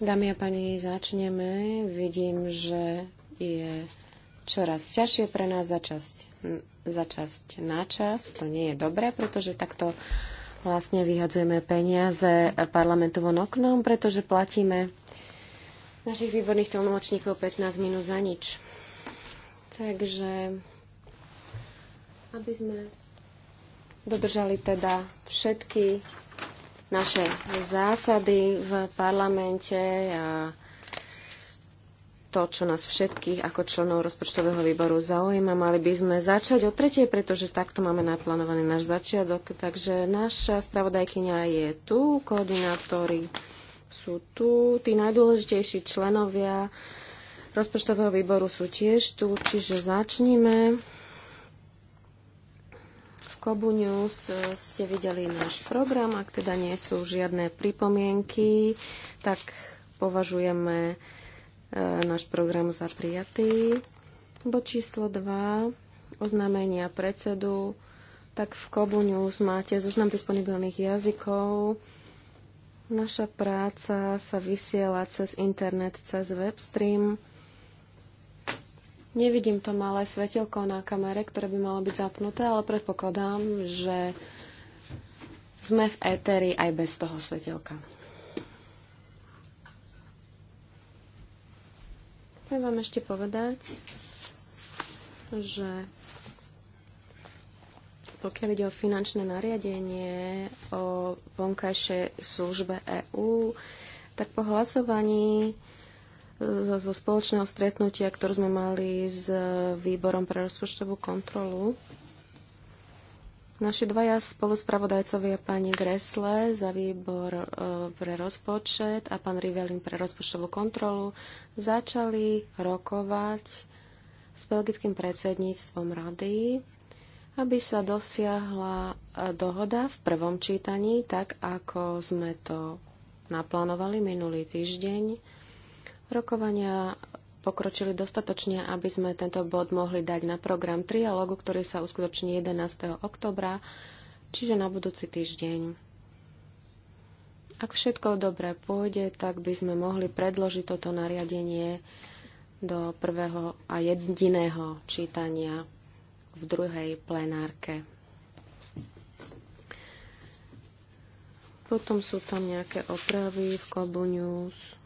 Dámy a páni, začneme. Vidím, že je čoraz ťažšie pre nás začasť, začasť na čas. To nie je dobré, pretože takto vlastne vyhadzujeme peniaze parlamentu von oknom, pretože platíme našich výborných tlmočníkov 15 minút za nič. Takže aby sme dodržali teda všetky naše zásady v parlamente a to, čo nás všetkých ako členov rozpočtového výboru zaujíma. Mali by sme začať o tretej, pretože takto máme naplánovaný náš začiatok. Takže naša spravodajkynia je tu, koordinátori sú tu, tí najdôležitejší členovia rozpočtového výboru sú tiež tu, čiže začníme. Kobu News e, ste videli náš program. Ak teda nie sú žiadne pripomienky, tak považujeme e, náš program za prijatý. Bo číslo 2, oznámenia predsedu. Tak v Kobu News máte zoznam disponibilných jazykov. Naša práca sa vysiela cez internet, cez webstream. Nevidím to malé svetelko na kamere, ktoré by malo byť zapnuté, ale predpokladám, že sme v éteri aj bez toho svetelka. Chcem vám ešte povedať, že pokiaľ ide o finančné nariadenie o vonkajšej službe EÚ, tak po hlasovaní zo spoločného stretnutia, ktoré sme mali s výborom pre rozpočtovú kontrolu. Naši dvaja spoluspravodajcovia, pani Gresle za výbor e, pre rozpočet a pán Rivelin pre rozpočtovú kontrolu, začali rokovať s belgickým predsedníctvom rady, aby sa dosiahla e, dohoda v prvom čítaní, tak ako sme to naplánovali minulý týždeň Rokovania pokročili dostatočne, aby sme tento bod mohli dať na program trialógu, ktorý sa uskutoční 11. oktobra, čiže na budúci týždeň. Ak všetko dobre pôjde, tak by sme mohli predložiť toto nariadenie do prvého a jediného čítania v druhej plenárke. Potom sú tam nejaké opravy v Kobu News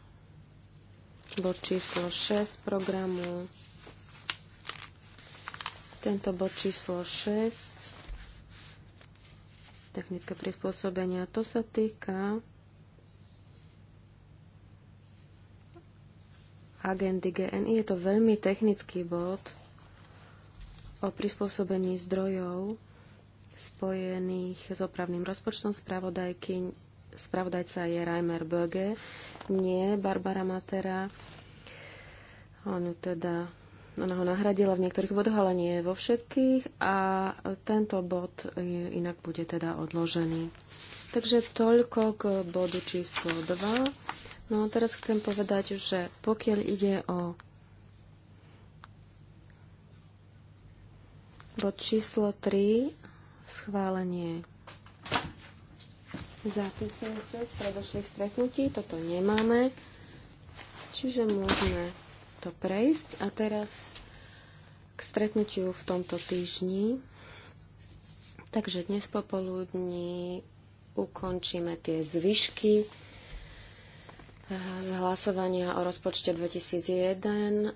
bod číslo 6 programu. Tento bod číslo 6 technické prispôsobenia. To sa týka agendy GNI. Je to veľmi technický bod o prispôsobení zdrojov spojených s opravným rozpočtom spravodajky Spravodajca je Reimer Böge, nie Barbara Matera. On teda ona ho nahradila v niektorých bodoch, ale nie vo všetkých. A tento bod inak bude teda odložený. Takže toľko k bodu číslo 2. No a teraz chcem povedať, že pokiaľ ide o bod číslo 3, schválenie zápisnice z predošlých stretnutí. Toto nemáme, čiže môžeme to prejsť. A teraz k stretnutiu v tomto týždni. Takže dnes popoludní ukončíme tie zvyšky z hlasovania o rozpočte 2001,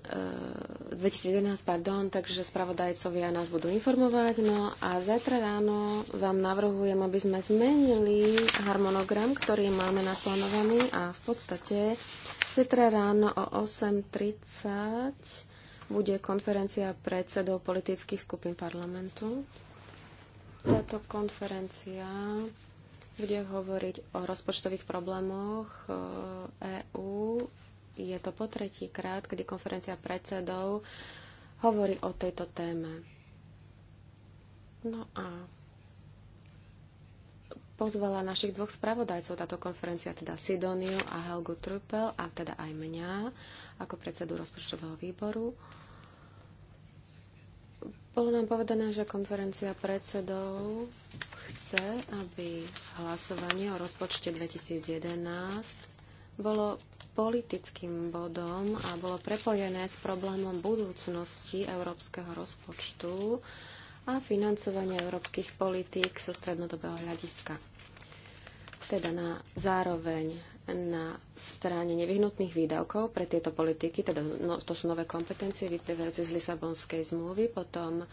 2011, eh, pardon, takže spravodajcovia nás budú informovať. No a zajtra ráno vám navrhujem, aby sme zmenili harmonogram, ktorý máme naplánovaný a v podstate zajtra ráno o 8.30 bude konferencia predsedov politických skupín parlamentu. Táto konferencia bude hovoriť o rozpočtových problémoch EÚ. E Je to po tretí krát, kedy konferencia predsedov hovorí o tejto téme. No a pozvala našich dvoch spravodajcov táto konferencia, teda Sidoniu a Helgu Trupel a teda aj mňa ako predsedu rozpočtového výboru. Bolo nám povedané, že konferencia predsedov chce, aby hlasovanie o rozpočte 2011 bolo politickým bodom a bolo prepojené s problémom budúcnosti európskeho rozpočtu a financovania európskych politík zo strednodobého hľadiska teda na zároveň na strane nevyhnutných výdavkov pre tieto politiky, teda no, to sú nové kompetencie vyplývajúce z Lisabonskej zmluvy, potom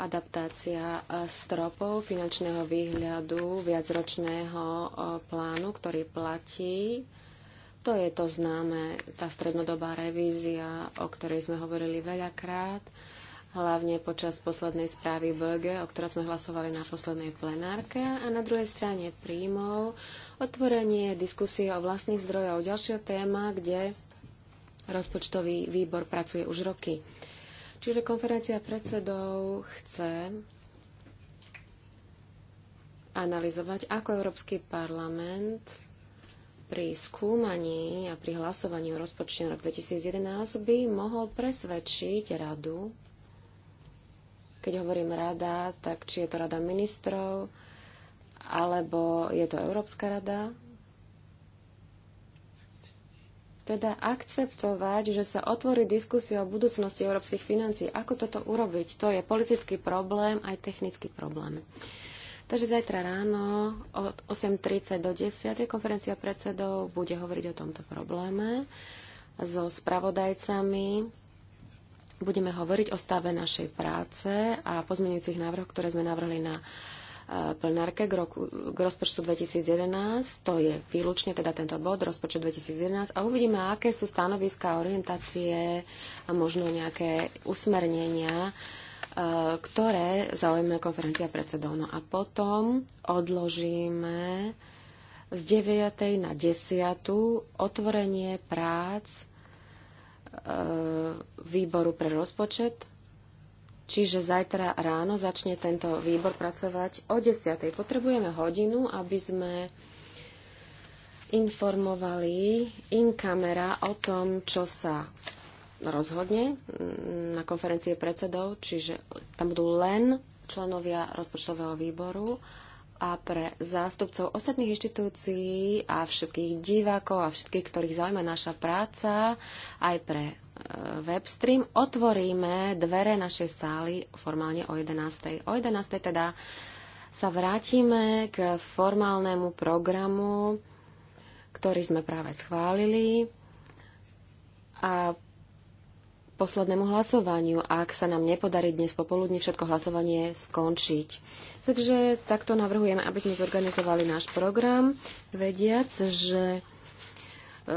adaptácia e, stropov finančného výhľadu viacročného e, plánu, ktorý platí. To je to známe, tá strednodobá revízia, o ktorej sme hovorili veľakrát hlavne počas poslednej správy BG, o ktorej sme hlasovali na poslednej plenárke, a na druhej strane príjmov otvorenie diskusie o vlastných o Ďalšia téma, kde rozpočtový výbor pracuje už roky. Čiže konferencia predsedov chce analyzovať, ako Európsky parlament pri skúmaní a pri hlasovaní o rozpočte rok 2011 by mohol presvedčiť radu keď hovorím rada, tak či je to rada ministrov, alebo je to Európska rada. Teda akceptovať, že sa otvorí diskusia o budúcnosti európskych financií. Ako toto urobiť? To je politický problém, aj technický problém. Takže zajtra ráno od 8.30 do 10.00 konferencia predsedov bude hovoriť o tomto probléme so spravodajcami budeme hovoriť o stave našej práce a pozmeňujúcich návrhoch, ktoré sme navrhli na e, plnárke k, roku, k rozpočtu 2011. To je výlučne teda tento bod, rozpočet 2011. A uvidíme, aké sú stanoviská, orientácie a možno nejaké usmernenia, e, ktoré zaujme konferencia predsedov. No a potom odložíme z 9. na 10. otvorenie prác E, výboru pre rozpočet. Čiže zajtra ráno začne tento výbor pracovať o 10. Potrebujeme hodinu, aby sme informovali in kamera o tom, čo sa rozhodne na konferencie predsedov, čiže tam budú len členovia rozpočtového výboru a pre zástupcov ostatných inštitúcií a všetkých divákov a všetkých, ktorých zaujíma naša práca, aj pre e, webstream. Otvoríme dvere našej sály formálne o 11. O 11. teda sa vrátime k formálnemu programu, ktorý sme práve schválili. A poslednému hlasovaniu, ak sa nám nepodarí dnes popoludní všetko hlasovanie skončiť. Takže takto navrhujeme, aby sme zorganizovali náš program, vediac, že e,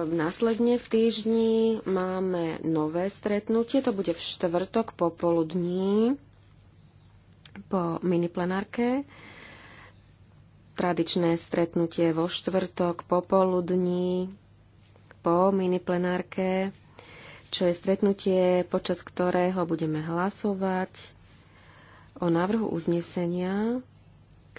následne v týždni máme nové stretnutie, to bude v štvrtok popoludní po miniplenárke. Tradičné stretnutie vo štvrtok popoludní po miniplenárke čo je stretnutie, počas ktorého budeme hlasovať o návrhu uznesenia,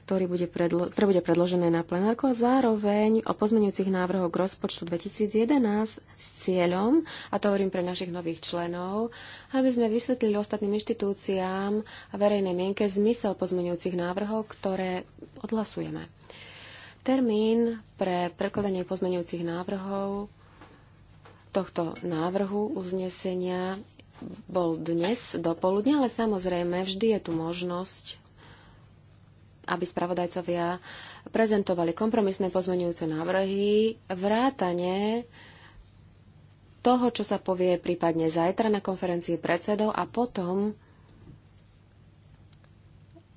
ktorý bude predlo- ktoré bude predložené na plenárku a zároveň o pozmenujúcich návrhoch k rozpočtu 2011 s cieľom, a to hovorím pre našich nových členov, aby sme vysvetlili ostatným inštitúciám a verejnej mienke zmysel pozmeňujúcich návrhov, ktoré odhlasujeme. Termín pre prekladanie pozmenujúcich návrhov tohto návrhu uznesenia bol dnes dopoludne, ale samozrejme vždy je tu možnosť, aby spravodajcovia prezentovali kompromisné pozmenujúce návrhy, vrátane toho, čo sa povie prípadne zajtra na konferencii predsedov a potom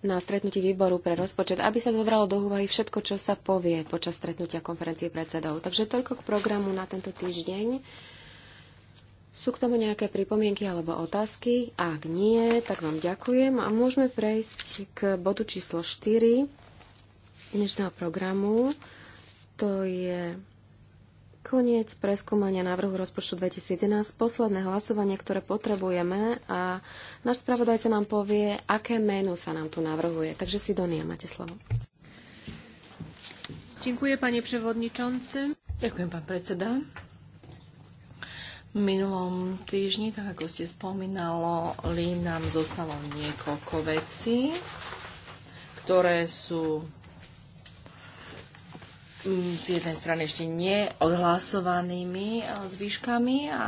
na stretnutí výboru pre rozpočet, aby sa zobralo do úvahy všetko, čo sa povie počas stretnutia konferencie predsedov. Takže toľko k programu na tento týždeň. Sú k tomu nejaké pripomienky alebo otázky? Ak nie, tak vám ďakujem a môžeme prejsť k bodu číslo 4 dnešného programu. To je Koniec preskúmania návrhu rozpočtu 2011, posledné hlasovanie, ktoré potrebujeme a náš spravodajca nám povie, aké menu sa nám tu navrhuje. Takže Sidonia, máte slovo. Ďakujem, pani prevodničonci. Ďakujem, pán predseda. V minulom týždni, tak ako ste spomínalo, nám zostalo niekoľko vecí, ktoré sú z jednej strany ešte neodhlasovanými eh, zvýškami a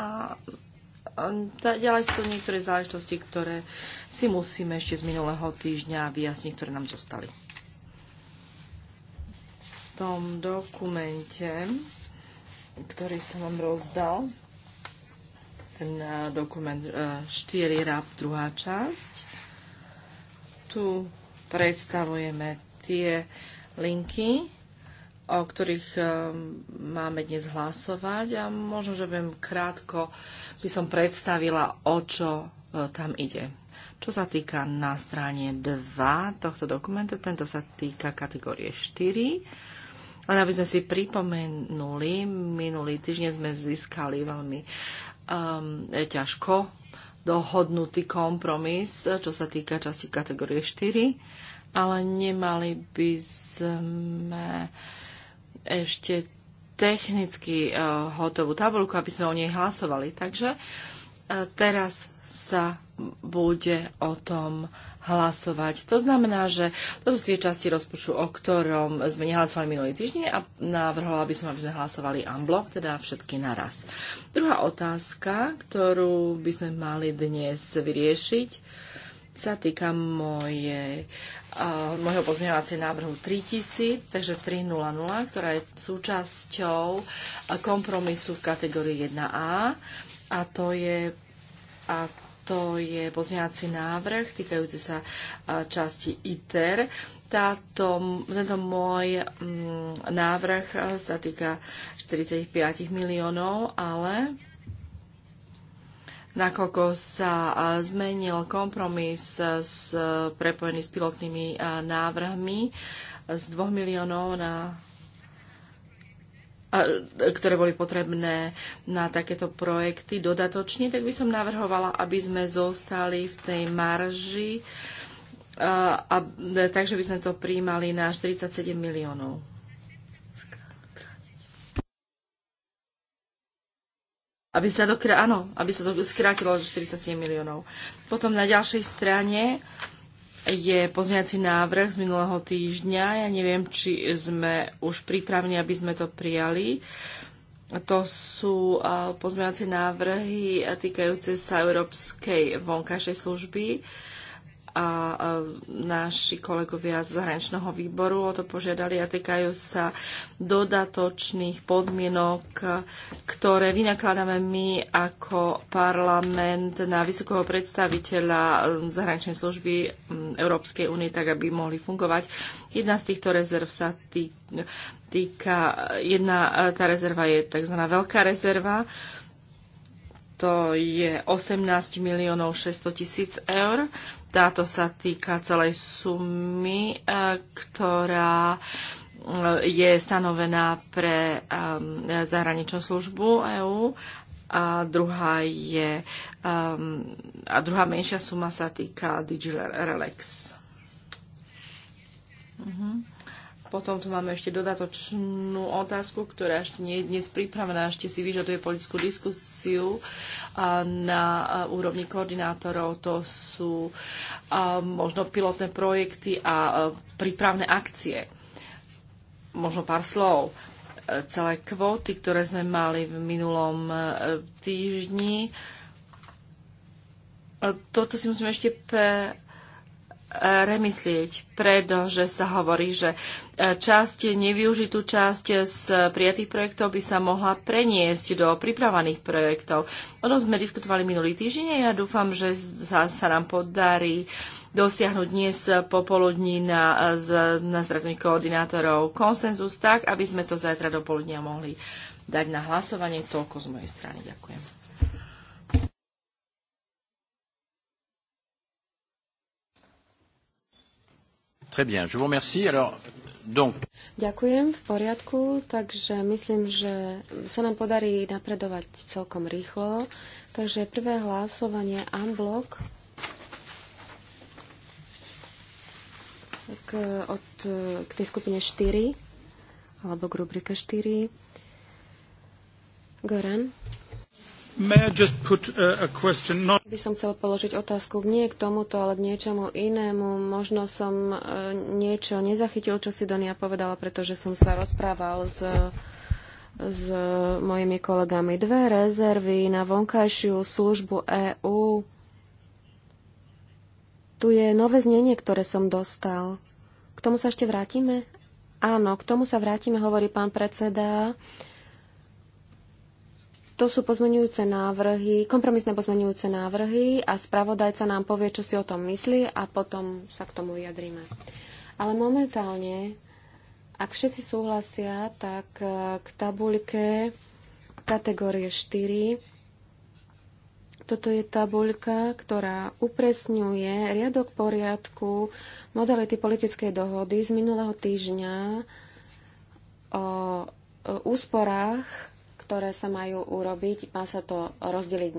eh, ďalej sú tu niektoré záležitosti, ktoré si musíme ešte z minulého týždňa vyjasniť, ktoré nám zostali. V tom dokumente, ktorý som vám rozdal, ten eh, dokument 4 RAP, druhá časť, tu predstavujeme tie linky, o ktorých eh, máme dnes hlasovať a možno, že viem krátko by som predstavila, o čo eh, tam ide. Čo sa týka na strane 2 tohto dokumentu, tento sa týka kategórie 4. Len aby sme si pripomenuli, minulý týždeň sme získali veľmi um, ťažko dohodnutý kompromis, čo sa týka časti kategórie 4, ale nemali by sme ešte technicky e, hotovú tabulku, aby sme o nej hlasovali. Takže e, teraz sa bude o tom hlasovať. To znamená, že to sú tie časti rozpočtu, o ktorom sme nehlasovali minulý týždeň a navrhovala by som, aby sme hlasovali unblock, teda všetky naraz. Druhá otázka, ktorú by sme mali dnes vyriešiť, sa týka moje, uh, môjho pozmeňovacie návrhu 3000, takže 3.00, ktorá je súčasťou kompromisu v kategórii 1A a to je, a to je pozmeňovací návrh týkajúci sa eh, časti ITER. Táto, tento môj mm, návrh eh, sa týka 45 miliónov, ale nakoľko sa zmenil kompromis s, e, prepojený s pilotnými návrhmi z 2 miliónov na ktoré boli potrebné na takéto projekty dodatočne, tak by som navrhovala, aby sme zostali v tej marži, a, a, takže by sme to príjmali na 47 miliónov. aby sa, dokr- áno, aby sa to skrátilo do 47 miliónov. Potom na ďalšej strane je pozmeňací návrh z minulého týždňa. Ja neviem, či sme už pripravení, aby sme to prijali. To sú pozmeňovacie návrhy týkajúce sa Európskej vonkajšej služby a naši kolegovia z zahraničného výboru o to požiadali a týkajú sa dodatočných podmienok, ktoré vynakladáme my ako parlament na vysokého predstaviteľa um, zahraničnej služby um, Európskej únie, tak aby mohli fungovať. Jedna z týchto rezerv sa týka, jedna e, tá rezerva je tzv. veľká rezerva, to je 18 miliónov 600 tisíc eur táto sa týka celej sumy, eh, ktorá eh, je stanovená pre eh, zahraničnú službu EÚ a druhá je a druhá menšia suma sa týka DigiRelex. Mhm. Potom tu máme ešte dodatočnú otázku, ktorá ešte nie je dnes pripravená, ešte si vyžaduje politickú diskusiu na úrovni koordinátorov. To sú možno pilotné projekty a prípravné akcie. Možno pár slov. Celé kvóty, ktoré sme mali v minulom e, týždni, e, toto si musíme ešte remyslieť, pretože sa hovorí, že e, časť, nevyužitú časť z prijatých projektov by sa mohla preniesť do pripravaných projektov. O tom sme diskutovali minulý týždeň a ja dúfam, že sa, sa nám podarí dosiahnuť dnes popoludní na, na stretnutí koordinátorov konsenzus tak, aby sme to zajtra do poludnia mohli dať na hlasovanie. Toľko z mojej strany. Ďakujem. Très bien, je vous remercie. Alors, donc... Ďakujem, v poriadku. Takže myslím, že sa nám podarí napredovať celkom rýchlo. Takže prvé hlasovanie unblock k, od, k tej skupine 4 alebo k rubrike 4. Goran. Uh, By som chcel položiť otázku nie k tomuto, ale k niečomu inému. Možno som uh, niečo nezachytil, čo si Donia povedala, pretože som sa rozprával s, s mojimi kolegami. Dve rezervy na vonkajšiu službu EÚ. Tu je nové znenie, ktoré som dostal. K tomu sa ešte vrátime? Áno, k tomu sa vrátime, hovorí pán predseda. Uh, to sú pozmenujúce návrhy, kompromisné pozmenujúce návrhy a spravodajca nám povie, čo si o tom myslí a potom sa k tomu vyjadríme. Ale momentálne, ak všetci súhlasia, tak e, k tabulke kategórie 4 toto je tabuľka, ktorá upresňuje riadok poriadku modality politickej dohody z minulého týždňa o úsporách ktoré sa majú urobiť. Má sa to rozdeliť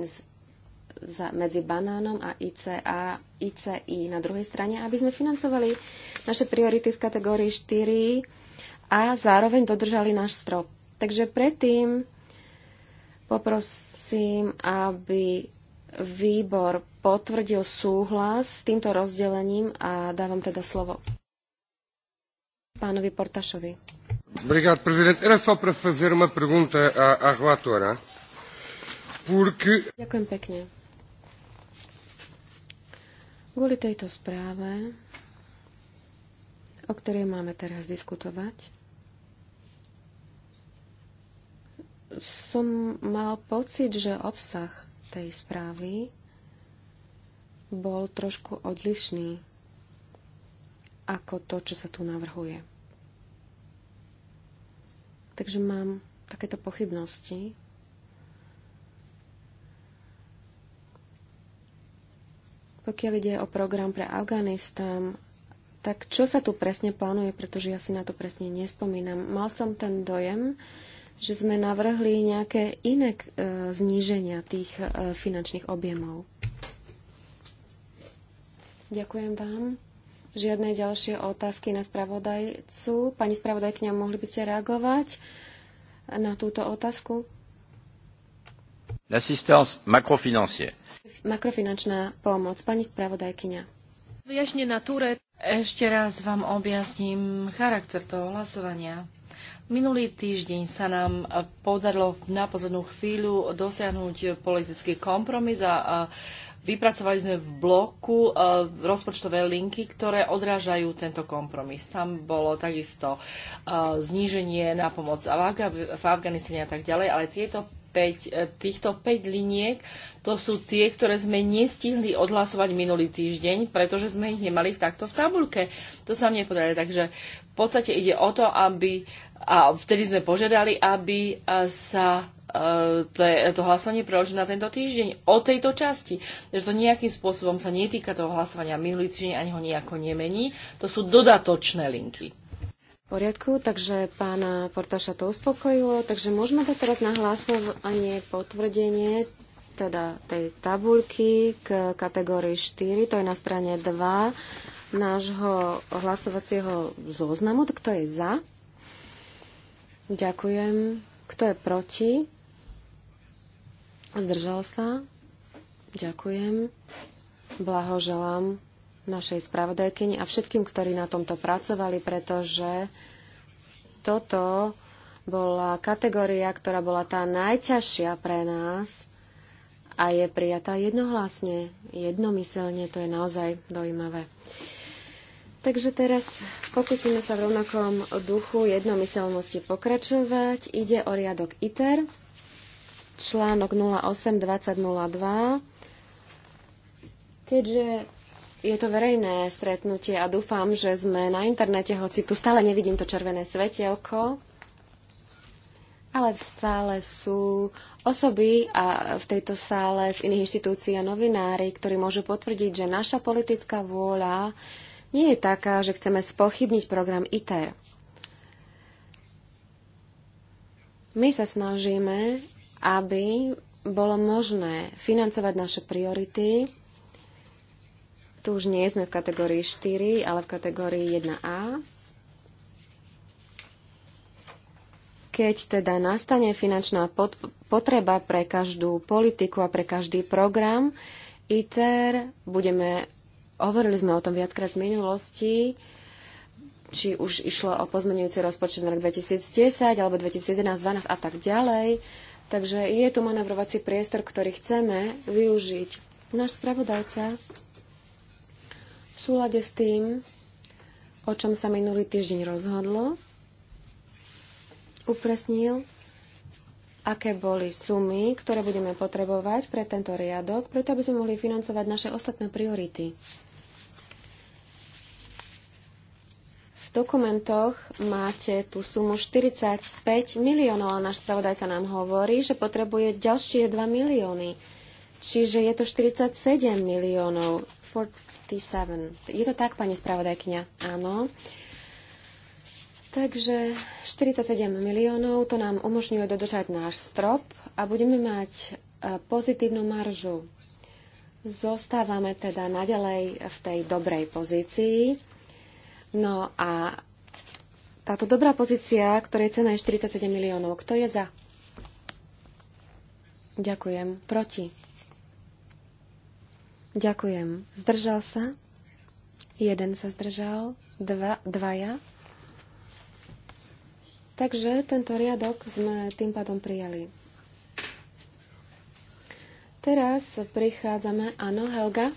za, medzi banánom a ICA, ICI na druhej strane, aby sme financovali naše priority z kategórii 4 a zároveň dodržali náš strop. Takže predtým poprosím, aby výbor potvrdil súhlas s týmto rozdelením a dávam teda slovo pánovi Portašovi. Obrigado, Presidente. Era só para fazer uma pergunta à, à relatora. Porque... Ďakujem pekne. Kvôli tejto správe, o ktorej máme teraz diskutovať, som mal pocit, že obsah tej správy bol trošku odlišný ako to, čo sa tu navrhuje. Takže mám takéto pochybnosti. Pokiaľ ide o program pre Afganistan, tak čo sa tu presne plánuje, pretože ja si na to presne nespomínam. Mal som ten dojem, že sme navrhli nejaké iné e, zníženia tých e, finančných objemov. Ďakujem vám žiadne ďalšie otázky na spravodajcu. Pani spravodajkňa, mohli by ste reagovať na túto otázku? L'assistance makrofinancière. Makrofinančná pomoc. Pani spravodajkyňa. na túre. Ešte raz vám objasním charakter toho hlasovania. Minulý týždeň sa nám podarilo na poslednú chvíľu dosiahnuť politický kompromis a, a Vypracovali sme v bloku e, rozpočtové linky, ktoré odrážajú tento kompromis. Tam bolo takisto e, zníženie na pomoc v Afganistane a tak ďalej, ale tieto 5, e, týchto 5 liniek, to sú tie, ktoré sme nestihli odhlasovať minulý týždeň, pretože sme ich nemali v takto v tabulke. To sa mne podarilo. Takže v podstate ide o to, aby, a vtedy sme požiadali, aby sa Eh, to, je, to hlasovanie preložené na tento týždeň o tejto časti. Takže to nejakým spôsobom sa netýka toho hlasovania minulý týždeň, ani ho nejako nemení. To sú dodatočné linky. V poriadku, takže pána Portaša to uspokojilo, takže môžeme dať teraz na hlasovanie potvrdenie teda tej tabulky k kategórii 4, to je na strane 2 nášho hlasovacieho zoznamu. Tak kto je za? Ďakujem. Kto je proti? Zdržal sa? Ďakujem. Blahoželám našej spravodajkyni a všetkým, ktorí na tomto pracovali, pretože toto bola kategória, ktorá bola tá najťažšia pre nás a je prijatá jednohlasne, jednomyselne, to je naozaj dojímavé. Takže teraz pokúsime sa v rovnakom duchu jednomyselnosti pokračovať. Ide o riadok ITER článok 082002. Keďže je to verejné stretnutie a dúfam, že sme na internete, hoci tu stále nevidím to červené svetielko, ale v sále sú osoby a v tejto sále z iných inštitúcií a novinári, ktorí môžu potvrdiť, že naša politická vôľa nie je taká, že chceme spochybniť program ITER. My sa snažíme aby bolo možné financovať naše priority. Tu už nie sme v kategórii 4, ale v kategórii 1A. Keď teda nastane finančná potreba pre každú politiku a pre každý program, ITER budeme, hovorili sme o tom viackrát v minulosti, či už išlo o pozmenujúci rozpočet na rok 2010 alebo 2011, 2012 a tak ďalej Takže je tu manevrovací priestor, ktorý chceme využiť. Náš spravodajca v súlade s tým, o čom sa minulý týždeň rozhodlo, upresnil, aké boli sumy, ktoré budeme potrebovať pre tento riadok, preto aby sme mohli financovať naše ostatné priority. dokumentoch máte tú sumu 45 miliónov, ale náš spravodajca nám hovorí, že potrebuje ďalšie 2 milióny. Čiže je to 47 miliónov. 47. Je to tak, pani spravodajkňa? Áno. Takže 47 miliónov to nám umožňuje dodržať náš strop a budeme mať e, pozitívnu maržu. Zostávame teda naďalej v tej dobrej pozícii No a táto dobrá pozícia, ktorej cena je 47 miliónov, kto je za? Ďakujem. Proti? Ďakujem. Zdržal sa? Jeden sa zdržal. Dva, dvaja. Takže tento riadok sme tým pádom prijali. Teraz prichádzame, áno, Helga.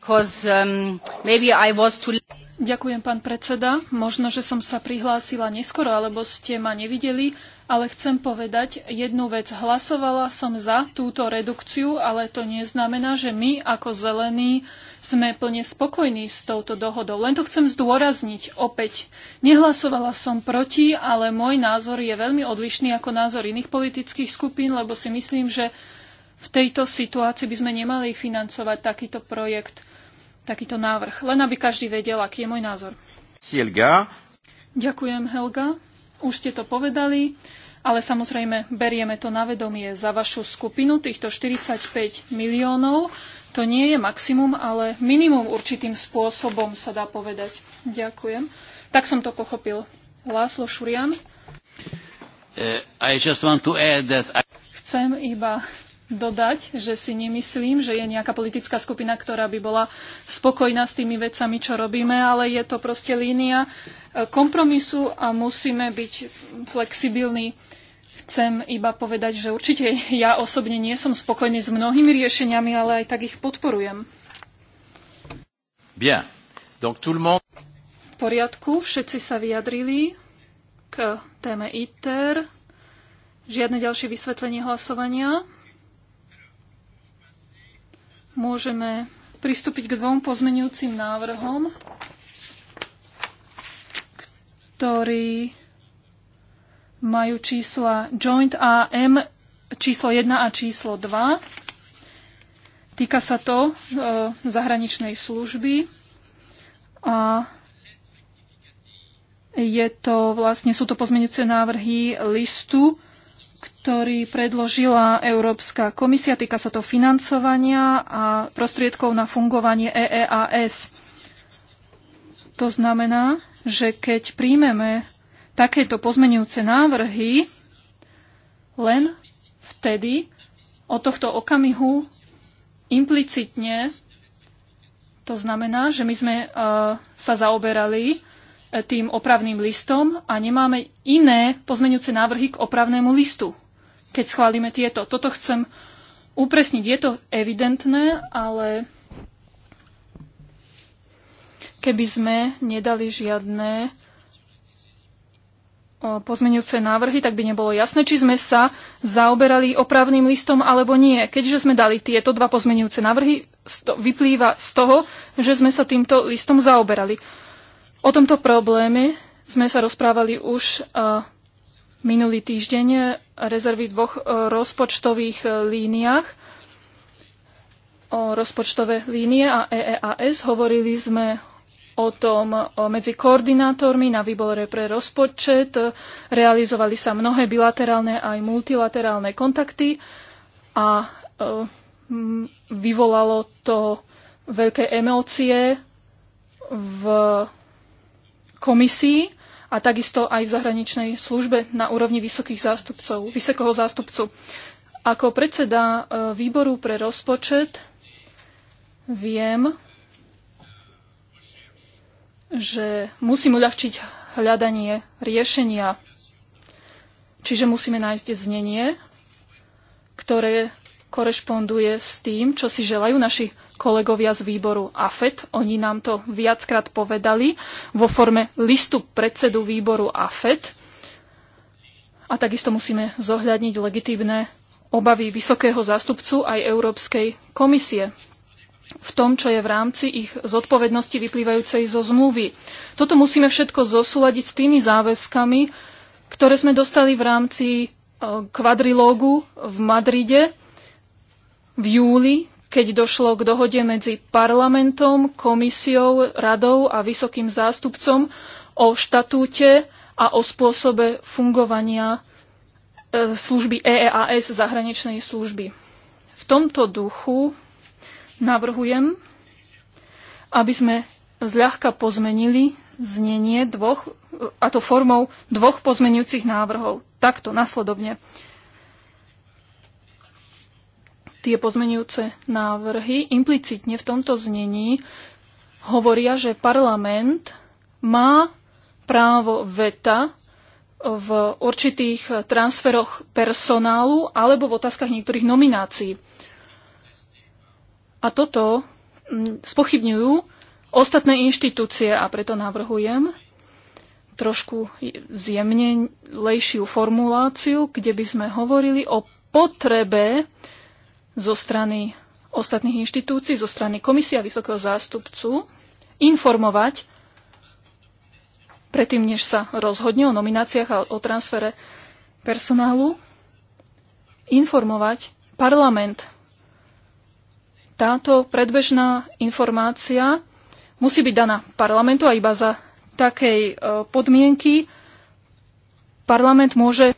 Because, um, maybe I was too... Ďakujem, pán predseda. Možno, že som sa prihlásila neskoro, alebo ste ma nevideli, ale chcem povedať jednu vec. Hlasovala som za túto redukciu, ale to neznamená, že my ako zelení sme plne spokojní s touto dohodou. Len to chcem zdôrazniť opäť. Nehlasovala som proti, ale môj názor je veľmi odlišný ako názor iných politických skupín, lebo si myslím, že v tejto situácii by sme nemali financovať takýto projekt takýto návrh. Len aby každý vedel, aký je môj názor. Sielga. Ďakujem, Helga. Už ste to povedali, ale samozrejme berieme to na vedomie za vašu skupinu. Týchto 45 miliónov to nie je maximum, ale minimum určitým spôsobom sa dá povedať. Ďakujem. Tak som to pochopil. Láslo Šurian. Uh, I... Chcem iba dodať, že si nemyslím, že je nejaká politická skupina, ktorá by bola spokojná s tými vecami, čo robíme, ale je to proste línia e, kompromisu a musíme byť flexibilní. Chcem iba povedať, že určite ja osobne nie som spokojný s mnohými riešeniami, ale aj tak ich podporujem. Bien. Donc tout le monde... V poriadku, všetci sa vyjadrili k téme ITER. Žiadne ďalšie vysvetlenie hlasovania môžeme pristúpiť k dvom pozmenujúcim návrhom, ktorí majú čísla Joint AM číslo 1 a číslo 2. Týka sa to e, zahraničnej služby a je to vlastne, sú to pozmenujúce návrhy listu ktorý predložila Európska komisia. Týka sa to financovania a prostriedkov na fungovanie EEAS. To znamená, že keď príjmeme takéto pozmenujúce návrhy, len vtedy od tohto okamihu implicitne, to znamená, že my sme uh, sa zaoberali tým opravným listom a nemáme iné pozmeňujúce návrhy k opravnému listu, keď schválime tieto. Toto chcem upresniť. Je to evidentné, ale keby sme nedali žiadne pozmeňujúce návrhy, tak by nebolo jasné, či sme sa zaoberali opravným listom alebo nie. Keďže sme dali tieto dva pozmeňujúce návrhy, vyplýva z toho, že sme sa týmto listom zaoberali. O tomto probléme sme sa rozprávali už e, minulý týždeň e, rezervy v dvoch e, rozpočtových líniách o rozpočtové línie a EEAS. Hovorili sme o tom medzi koordinátormi na výbore pre rozpočet. Realizovali sa mnohé bilaterálne aj multilaterálne kontakty a vyvolalo to veľké emócie v komisii a takisto aj v zahraničnej službe na úrovni vysokých zástupcov, vysokého zástupcu. Ako predseda e, výboru pre rozpočet viem, že musím uľahčiť hľadanie riešenia. Čiže musíme nájsť znenie, ktoré korešponduje s tým, čo si želajú naši kolegovia z výboru AFET. Oni nám to viackrát povedali vo forme listu predsedu výboru AFET. A takisto musíme zohľadniť legitímne obavy vysokého zástupcu aj Európskej komisie v tom, čo je v rámci ich zodpovednosti vyplývajúcej zo zmluvy. Toto musíme všetko zosúľadiť s tými záväzkami, ktoré sme dostali v rámci e, kvadrilógu v Madride v júli keď došlo k dohode medzi parlamentom, komisiou, radou a vysokým zástupcom o štatúte a o spôsobe fungovania e, služby EEAS zahraničnej služby. V tomto duchu navrhujem, aby sme zľahka pozmenili znenie dvoch, e, a to formou dvoch pozmenujúcich návrhov. Takto, nasledovne tie pozmenujúce návrhy implicitne v tomto znení hovoria, že parlament má právo veta v určitých transferoch personálu alebo v otázkach niektorých nominácií. A toto mm, spochybňujú ostatné inštitúcie a preto navrhujem trošku zjemnejšiu formuláciu, kde by sme hovorili o potrebe zo strany ostatných inštitúcií, zo strany komisia vysokého zástupcu informovať predtým, než sa rozhodne o nomináciách a o transfere personálu, informovať parlament. Táto predbežná informácia musí byť daná parlamentu a iba za takej e, podmienky parlament môže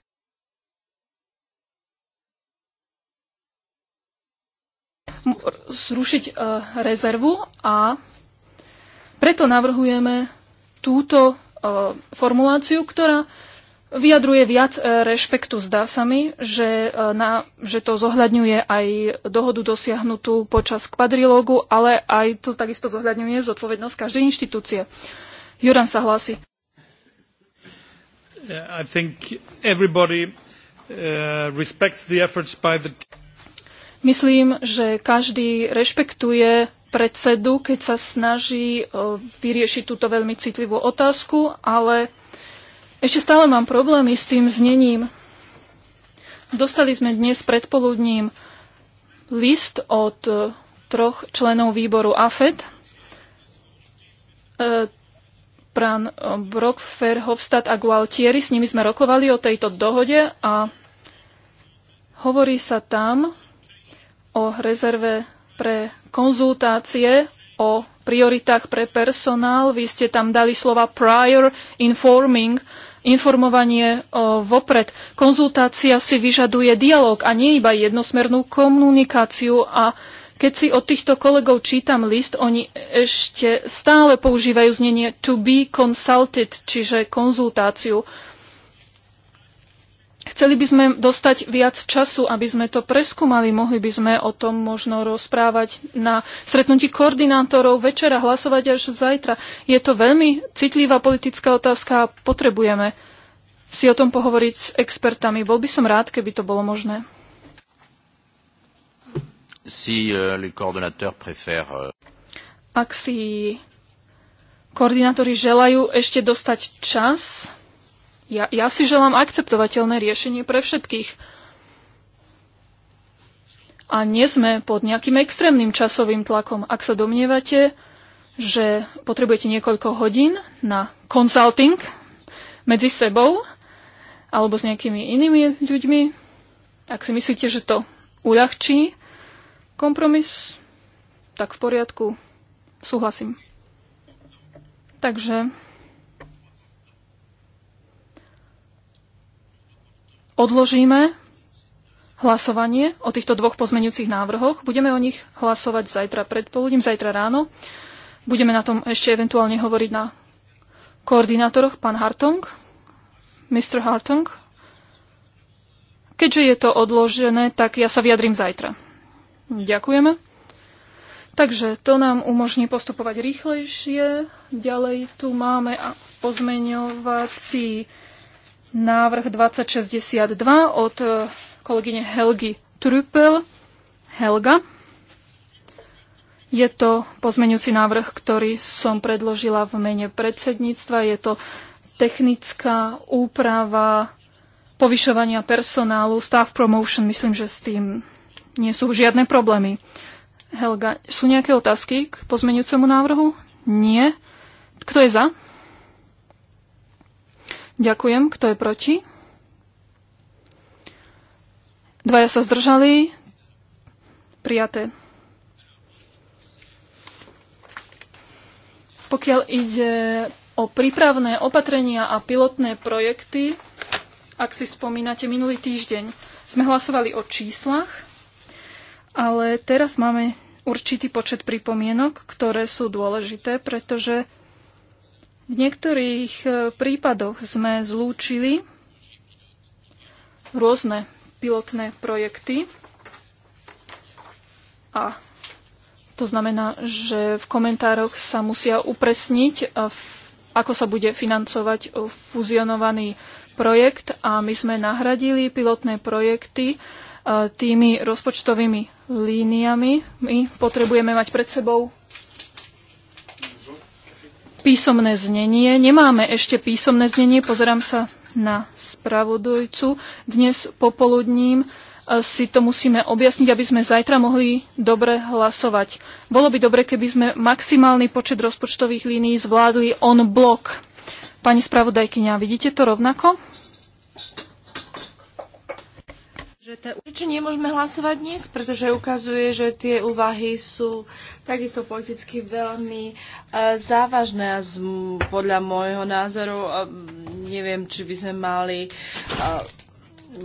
zrušiť e, rezervu a preto navrhujeme túto e, formuláciu, ktorá vyjadruje viac e, rešpektu. Zdá sa mi, že, na, že to zohľadňuje aj dohodu dosiahnutú počas kvadrilógu, ale aj to takisto zohľadňuje zodpovednosť každej inštitúcie. Juran sa hlási. I think everybody uh, respects the efforts by the... Myslím, že každý rešpektuje predsedu, keď sa snaží e, vyriešiť túto veľmi citlivú otázku, ale ešte stále mám problémy s tým znením. Dostali sme dnes predpoludním list od e, troch členov výboru AFED. E, Pran Brock, Verhofstadt a Gualtieri, s nimi sme rokovali o tejto dohode a hovorí sa tam, o rezerve pre konzultácie o prioritách pre personál. Vy ste tam dali slova prior informing, informovanie o, e, vopred. Konzultácia si vyžaduje dialog a nie iba jednosmernú komunikáciu a keď si od týchto kolegov čítam list, oni ešte stále používajú znenie to be consulted, čiže konzultáciu. Chceli by sme dostať viac času, aby sme to preskúmali. Mohli by sme o tom možno rozprávať na stretnutí koordinátorov večera, hlasovať až zajtra. Je to veľmi citlivá politická otázka a potrebujeme si o tom pohovoriť s expertami. Bol by som rád, keby to bolo možné. Si, uh, Ak si koordinátori želajú ešte dostať čas, ja, ja si želám akceptovateľné riešenie pre všetkých. A nie sme pod nejakým extrémnym časovým tlakom. Ak sa domnievate, že potrebujete niekoľko hodín na consulting medzi sebou alebo s nejakými inými ľuďmi, ak si myslíte, že to uľahčí kompromis, tak v poriadku, súhlasím. Takže odložíme hlasovanie o týchto dvoch pozmeňujúcich návrhoch. Budeme o nich hlasovať zajtra predpoludím, zajtra ráno. Budeme na tom ešte eventuálne hovoriť na koordinátoroch. Pán Hartong, Mr. Hartong. Keďže je to odložené, tak ja sa vyjadrím zajtra. Ďakujeme. Takže to nám umožní postupovať rýchlejšie. Ďalej tu máme pozmeňovací návrh 2062 od e, kolegyne Helgy Trüppel. Helga. Je to pozmeňujúci návrh, ktorý som predložila v mene predsedníctva. Je to technická úprava povyšovania personálu, staff promotion. Myslím, že s tým nie sú žiadne problémy. Helga, sú nejaké otázky k pozmeňujúcemu návrhu? Nie. Kto je za? Ďakujem. Kto je proti? Dvaja sa zdržali. Prijaté. Pokiaľ ide o prípravné opatrenia a pilotné projekty, ak si spomínate, minulý týždeň sme hlasovali o číslach, ale teraz máme určitý počet pripomienok, ktoré sú dôležité, pretože v niektorých e, prípadoch sme zlúčili rôzne pilotné projekty a to znamená, že v komentároch sa musia upresniť, e, ako sa bude financovať e, fuzionovaný projekt a my sme nahradili pilotné projekty tými rozpočtovými líniami. My potrebujeme mať pred sebou písomné znenie. Nemáme ešte písomné znenie, pozerám sa na spravodajcu. Dnes popoludním e, si to musíme objasniť, aby sme zajtra mohli dobre hlasovať. Bolo by dobre, keby sme maximálny počet rozpočtových línií zvládli on blok. Pani spravodajkyňa, vidíte to rovnako? Prečo nemôžeme hlasovať dnes? Pretože ukazuje, že tie úvahy sú takisto politicky veľmi uh, závažné a z, podľa môjho názoru uh, neviem, či by sme mali, uh,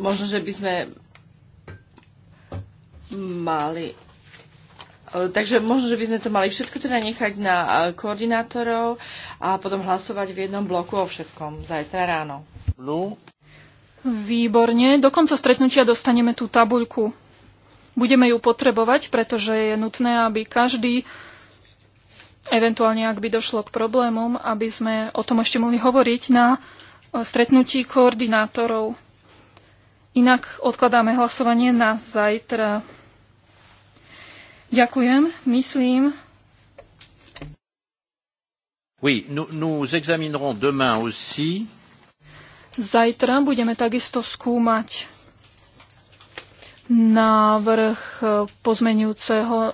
možno, že by sme mali Takže možno, že by sme to mali všetko teda nechať na koordinátorov a potom hlasovať v jednom bloku o všetkom zajtra ráno. No. Výborne. Do konca stretnutia dostaneme tú tabuľku. Budeme ju potrebovať, pretože je nutné, aby každý, eventuálne ak by došlo k problémom, aby sme o tom ešte mohli hovoriť na e, stretnutí koordinátorov. Inak odkladáme hlasovanie na zajtra. Ďakujem, myslím. Oui, nous, nous examinerons demain aussi Zajtra budeme takisto skúmať návrh pozmenujúceho e,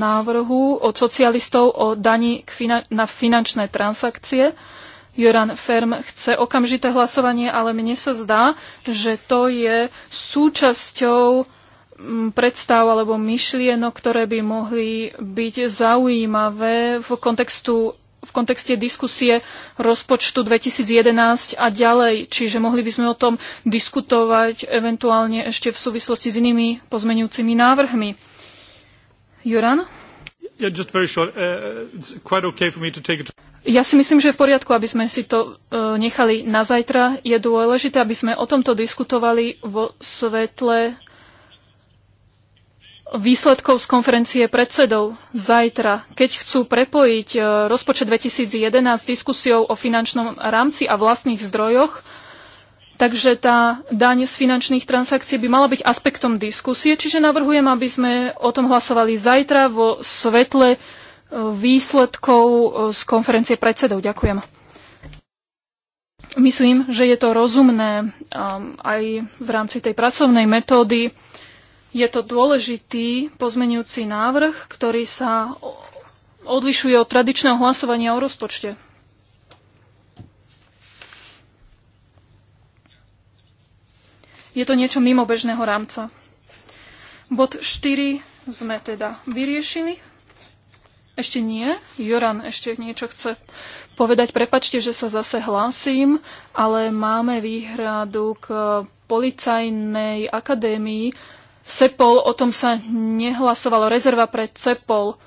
návrhu od socialistov o daní na finančné transakcie. Joran Ferm chce okamžité hlasovanie, ale mne sa zdá, že to je súčasťou predstav alebo myšlienok, ktoré by mohli byť zaujímavé v kontextu v kontexte diskusie rozpočtu 2011 a ďalej. Čiže mohli by sme o tom diskutovať eventuálne ešte v súvislosti s inými pozmenujúcimi návrhmi. Juran. Yeah, uh, okay Ja si myslím, že je v poriadku, aby sme si to uh, nechali na zajtra. Je dôležité, aby sme o tomto diskutovali vo svetle výsledkov z konferencie predsedov zajtra, keď chcú prepojiť e, rozpočet 2011 s diskusiou o finančnom rámci a vlastných zdrojoch, takže tá daň z finančných transakcií by mala byť aspektom diskusie, čiže navrhujem, aby sme o tom hlasovali zajtra vo svetle e, výsledkov e, z konferencie predsedov. Ďakujem. Myslím, že je to rozumné aj v rámci tej pracovnej metódy je to dôležitý pozmenujúci návrh, ktorý sa odlišuje od tradičného hlasovania o rozpočte. Je to niečo mimo bežného rámca. Bod 4 sme teda vyriešili. Ešte nie. Joran ešte niečo chce povedať. Prepačte, že sa zase hlásim, ale máme výhradu k policajnej akadémii CEPOL, o tom sa nehlasovalo, rezerva pre CEPOL.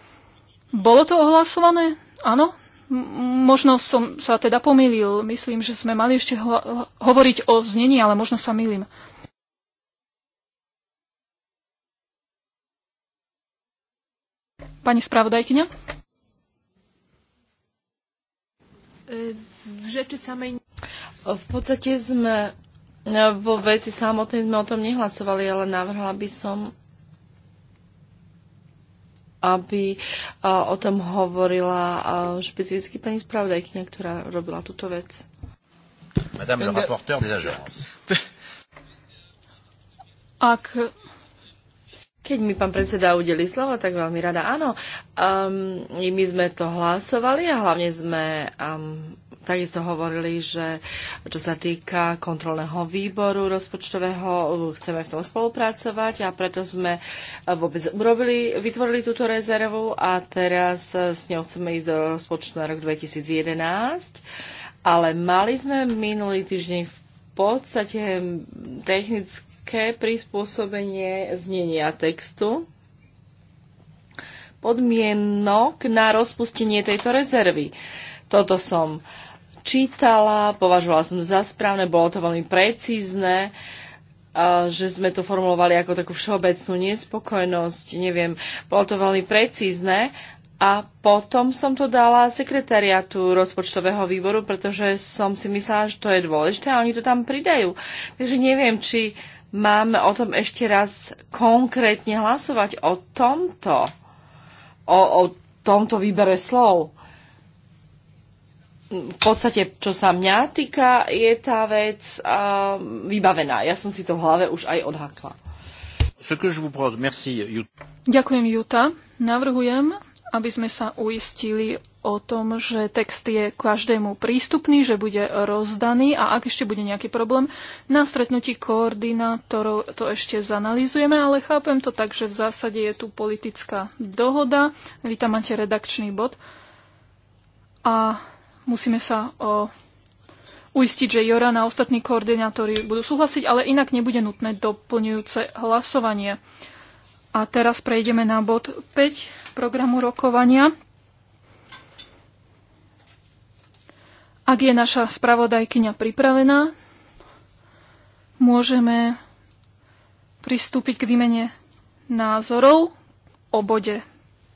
Bolo to ohlasované? Áno? možno som sa teda pomýlil. Myslím, že sme mali ešte hovoriť o znení, ale možno sa milím. Pani spravodajkyňa? V podstate sme No, vo veci samotnej sme o tom nehlasovali, ale navrhla by som, aby o tom hovorila špecificky pani spravodajkňa, ktorá robila túto vec. Madame le rapporteur des agences. Ak keď mi pán predseda udeli slovo, tak veľmi rada áno. Um, my sme to hlasovali a hlavne sme um, takisto hovorili, že čo sa týka kontrolného výboru rozpočtového, chceme v tom spolupracovať a preto sme vôbec urobili, vytvorili túto rezervu a teraz s ňou chceme ísť do rozpočtu na rok 2011. Ale mali sme minulý týždeň v podstate technicky také prispôsobenie znenia textu podmienok na rozpustenie tejto rezervy. Toto som čítala, považovala som za správne, bolo to veľmi precízne že sme to formulovali ako takú všeobecnú nespokojnosť, neviem, bolo to veľmi precízne. A potom som to dala sekretariatu rozpočtového výboru, pretože som si myslela, že to je dôležité a oni to tam pridajú. Takže neviem, či máme o tom ešte raz konkrétne hlasovať o tomto, o, o tomto výbere slov. V podstate, čo sa mňa týka, je tá vec uh, vybavená. Ja som si to v hlave už aj odhakla. Ďakujem, Juta. Navrhujem, aby sme sa uistili o tom, že text je každému prístupný, že bude rozdaný a ak ešte bude nejaký problém, na stretnutí koordinátorov to ešte zanalýzujeme, ale chápem to tak, že v zásade je tu politická dohoda. Vy tam máte redakčný bod a musíme sa o uistiť, že Jora a ostatní koordinátori budú súhlasiť, ale inak nebude nutné doplňujúce hlasovanie. A teraz prejdeme na bod 5 programu rokovania. Ak je naša spravodajkyňa pripravená, môžeme pristúpiť k výmene názorov o bode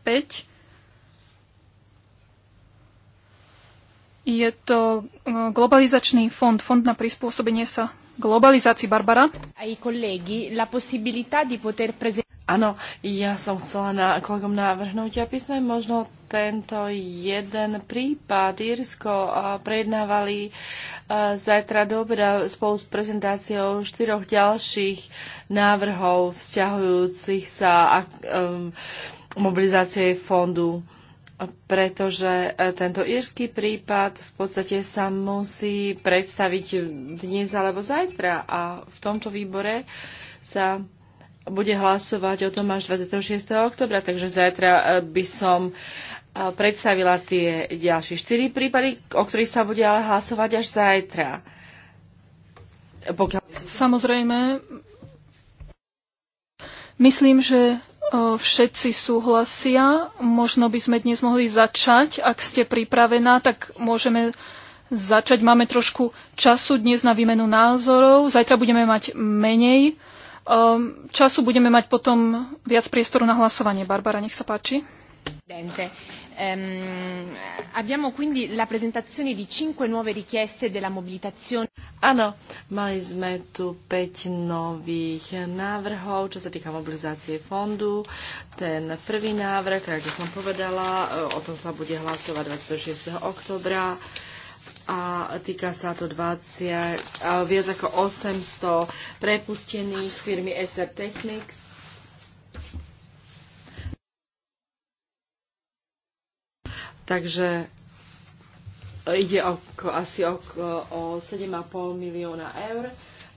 5. Je to e, globalizačný fond, fond na prispôsobenie sa globalizácii. Barbara? Áno, ja som chcela na kolegom navrhnúť, aby sme možno tento jeden prípad Írsko prejednávali zajtra do obeda spolu s prezentáciou štyroch ďalších návrhov vzťahujúcich sa a um, mobilizácie fondu pretože e, tento írsky prípad v podstate sa musí predstaviť dnes alebo zajtra a v tomto výbore sa bude hlasovať o tom až 26. oktobra, takže zajtra e, by som e, predstavila tie ďalšie štyri prípady, o ktorých sa bude ale hlasovať až zajtra. Pokiaľ... Samozrejme, myslím, že všetci súhlasia. Možno by sme dnes mohli začať. Ak ste pripravená, tak môžeme začať. Máme trošku času dnes na výmenu názorov. Zajtra budeme mať menej. Času budeme mať potom viac priestoru na hlasovanie. Barbara, nech sa páči. Dente. Ehm, abbiamo quindi la presentazione di cinque nuove richieste della mobilitazione. Áno, mali sme tu 5 nových návrhov, čo sa týka mobilizácie fondu. Ten prvý návrh, tak ako som povedala, o tom sa bude hlasovať 26. oktobra a týka sa to 20, viac ako 800 prepustených z firmy SR Technics Takže ide o, asi o, o 7,5 milióna eur.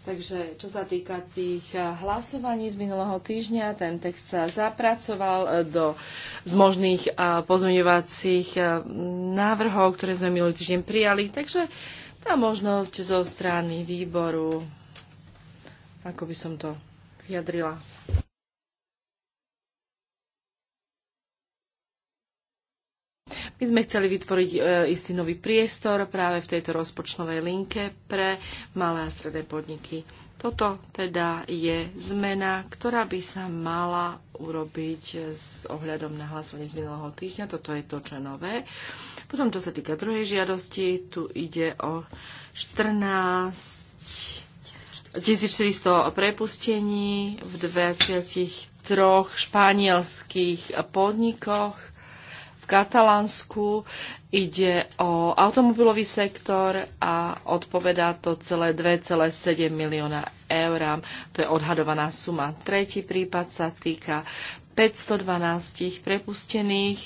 Takže čo sa týka tých eh, hlasovaní z minulého týždňa, ten text sa zapracoval eh, do z možných eh, pozmeňovacích návrhov, ktoré sme minulý týždeň prijali. Takže tá možnosť zo strany výboru, ako by som to vyjadrila. My sme chceli vytvoriť e, istý nový priestor práve v tejto rozpočtovej linke pre malé a stredné podniky. Toto teda je zmena, ktorá by sa mala urobiť s ohľadom na hlasovanie z minulého týždňa. Toto je to, čo je nové. Potom, čo sa týka druhej žiadosti, tu ide o 14 1400 prepustení v 23 španielských podnikoch Katalánsku. Ide o automobilový sektor a odpovedá to celé 2,7 milióna eur, To je odhadovaná suma. Tretí prípad sa týka 512 prepustených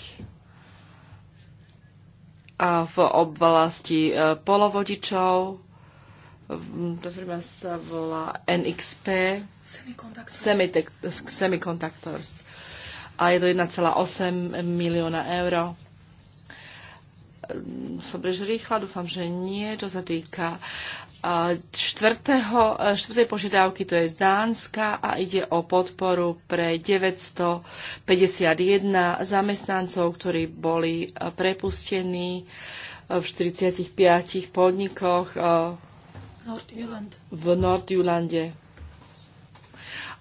a v oblasti e, polovodičov. To firma sa volá NXP Semiconductors. Semiconductors a je to 1,8 milióna eur. Ehm, som prež rýchla, dúfam, že nie. Čo sa týka čtvrtého, čtvrtej e, požiadavky, to je z Dánska a ide o podporu pre 951 zamestnancov, ktorí boli e, prepustení e, v 45 podnikoch v Nordjulande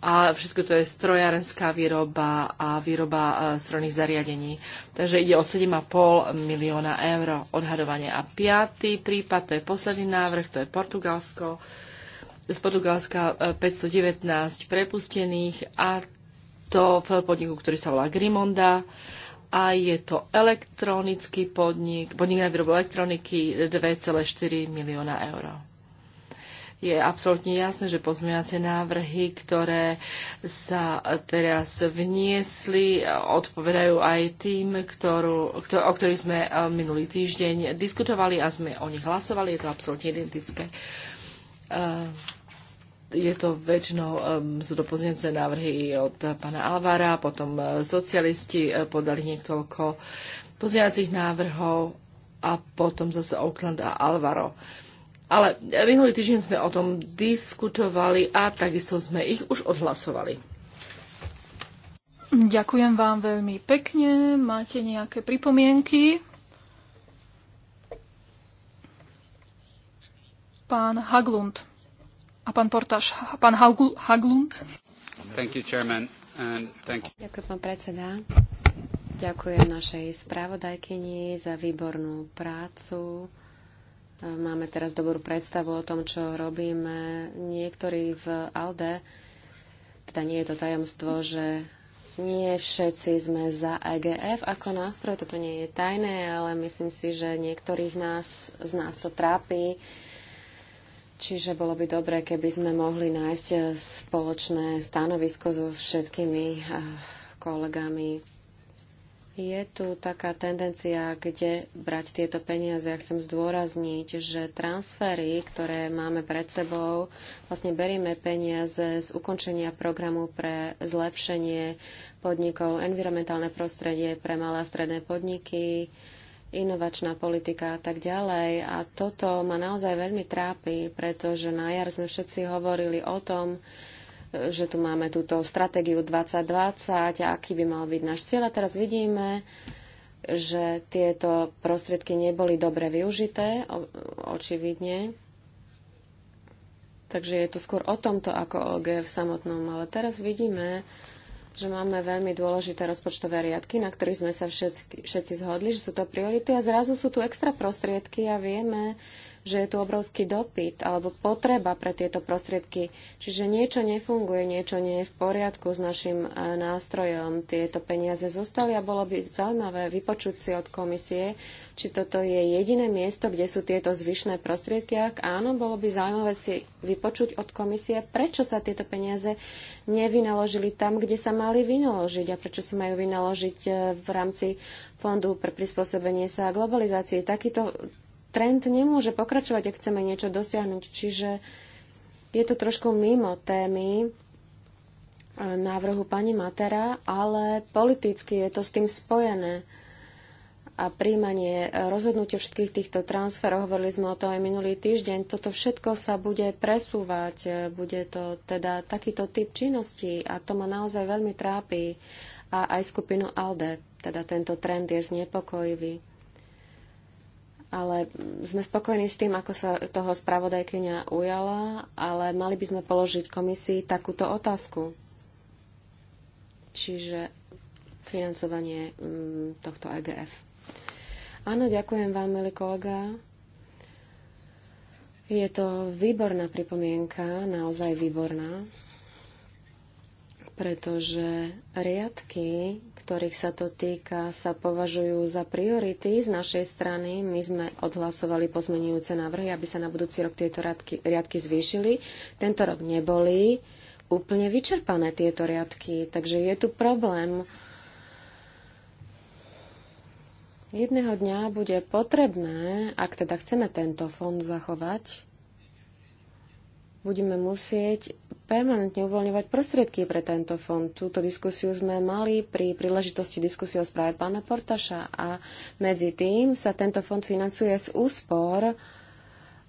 a všetko to je strojárenská výroba a výroba e, strojných zariadení. Takže ide o 7,5 milióna eur odhadovanie. A piatý prípad, to je posledný návrh, to je Portugalsko. Z Portugalska 519 e, prepustených a to v podniku, ktorý sa volá Grimonda a je to elektronický podnik, podnik na výrobu elektroniky 2,4 milióna eur je absolútne jasné, že pozmeňovacie návrhy, ktoré sa teraz vniesli, odpovedajú aj tým, ktorú, ktor- o ktorých sme eh, minulý týždeň diskutovali a sme o nich hlasovali. Je to absolútne identické. Eh, je to väčšinou, eh, sú to pozmeňujúce návrhy od pána Alvara, potom socialisti podali niekoľko pozmeňovacích návrhov a potom zase Oakland a Alvaro. Uh, ale minulý týždeň sme o tom diskutovali a takisto sme ich už odhlasovali. Ďakujem vám veľmi pekne. Máte nejaké pripomienky? Pán Haglund a pán Portáš. Pán Haglund. Thank you, chairman, and thank you. Ďakujem, pán predseda. Ďakujem našej spravodajkyni za výbornú prácu Máme teraz dobrú predstavu o tom, čo robíme. Niektorí v ALDE, teda nie je to tajomstvo, že nie všetci sme za EGF ako nástroj, toto nie je tajné, ale myslím si, že niektorých nás, z nás to trápi. Čiže bolo by dobre, keby sme mohli nájsť spoločné stanovisko so všetkými eh, kolegami je tu taká tendencia, kde brať tieto peniaze. Ja chcem zdôrazniť, že transfery, ktoré máme pred sebou, vlastne berieme peniaze z ukončenia programu pre zlepšenie podnikov, environmentálne prostredie pre malé a stredné podniky, inovačná politika a tak ďalej. A toto ma naozaj veľmi trápi, pretože na jar sme všetci hovorili o tom, že tu máme túto stratégiu 2020 a aký by mal byť náš cieľ. A teraz vidíme, že tieto prostriedky neboli dobre využité, očividne. Takže je to skôr o tomto ako o OG v samotnom. Ale teraz vidíme, že máme veľmi dôležité rozpočtové riadky, na ktorých sme sa všetci, všetci zhodli, že sú to priority a zrazu sú tu extra prostriedky a vieme, že je tu obrovský dopyt alebo potreba pre tieto prostriedky. Čiže niečo nefunguje, niečo nie je v poriadku s našim e, nástrojom. Tieto peniaze zostali a bolo by zaujímavé vypočuť si od komisie, či toto je jediné miesto, kde sú tieto zvyšné prostriedky. Ak áno, bolo by zaujímavé si vypočuť od komisie, prečo sa tieto peniaze nevynaložili tam, kde sa mali vynaložiť a prečo sa majú vynaložiť e, v rámci Fondu pre prispôsobenie sa globalizácii. Takýto trend nemôže pokračovať, ak chceme niečo dosiahnuť. Čiže je to trošku mimo témy eh, návrhu pani Matera, ale politicky je to s tým spojené a príjmanie rozhodnutia všetkých týchto transferov, hovorili sme o to aj minulý týždeň, toto všetko sa bude presúvať, eh, bude to teda takýto typ činností a to ma naozaj veľmi trápi a aj skupinu ALDE, teda tento trend je znepokojivý ale sme spokojní s tým, ako sa toho spravodajkyňa ujala, ale mali by sme položiť komisii takúto otázku. Čiže financovanie mm, tohto EGF. Áno, ďakujem vám, milý kolega. Je to výborná pripomienka, naozaj výborná pretože riadky, ktorých sa to týka, sa považujú za priority z našej strany. My sme odhlasovali pozmenujúce návrhy, aby sa na budúci rok tieto riadky, riadky zvýšili. Tento rok neboli úplne vyčerpané tieto riadky, takže je tu problém. Jedného dňa bude potrebné, ak teda chceme tento fond zachovať, budeme musieť permanentne uvoľňovať prostriedky pre tento fond. Túto diskusiu sme mali pri príležitosti diskusie o správe pána Portaša a medzi tým sa tento fond financuje z úspor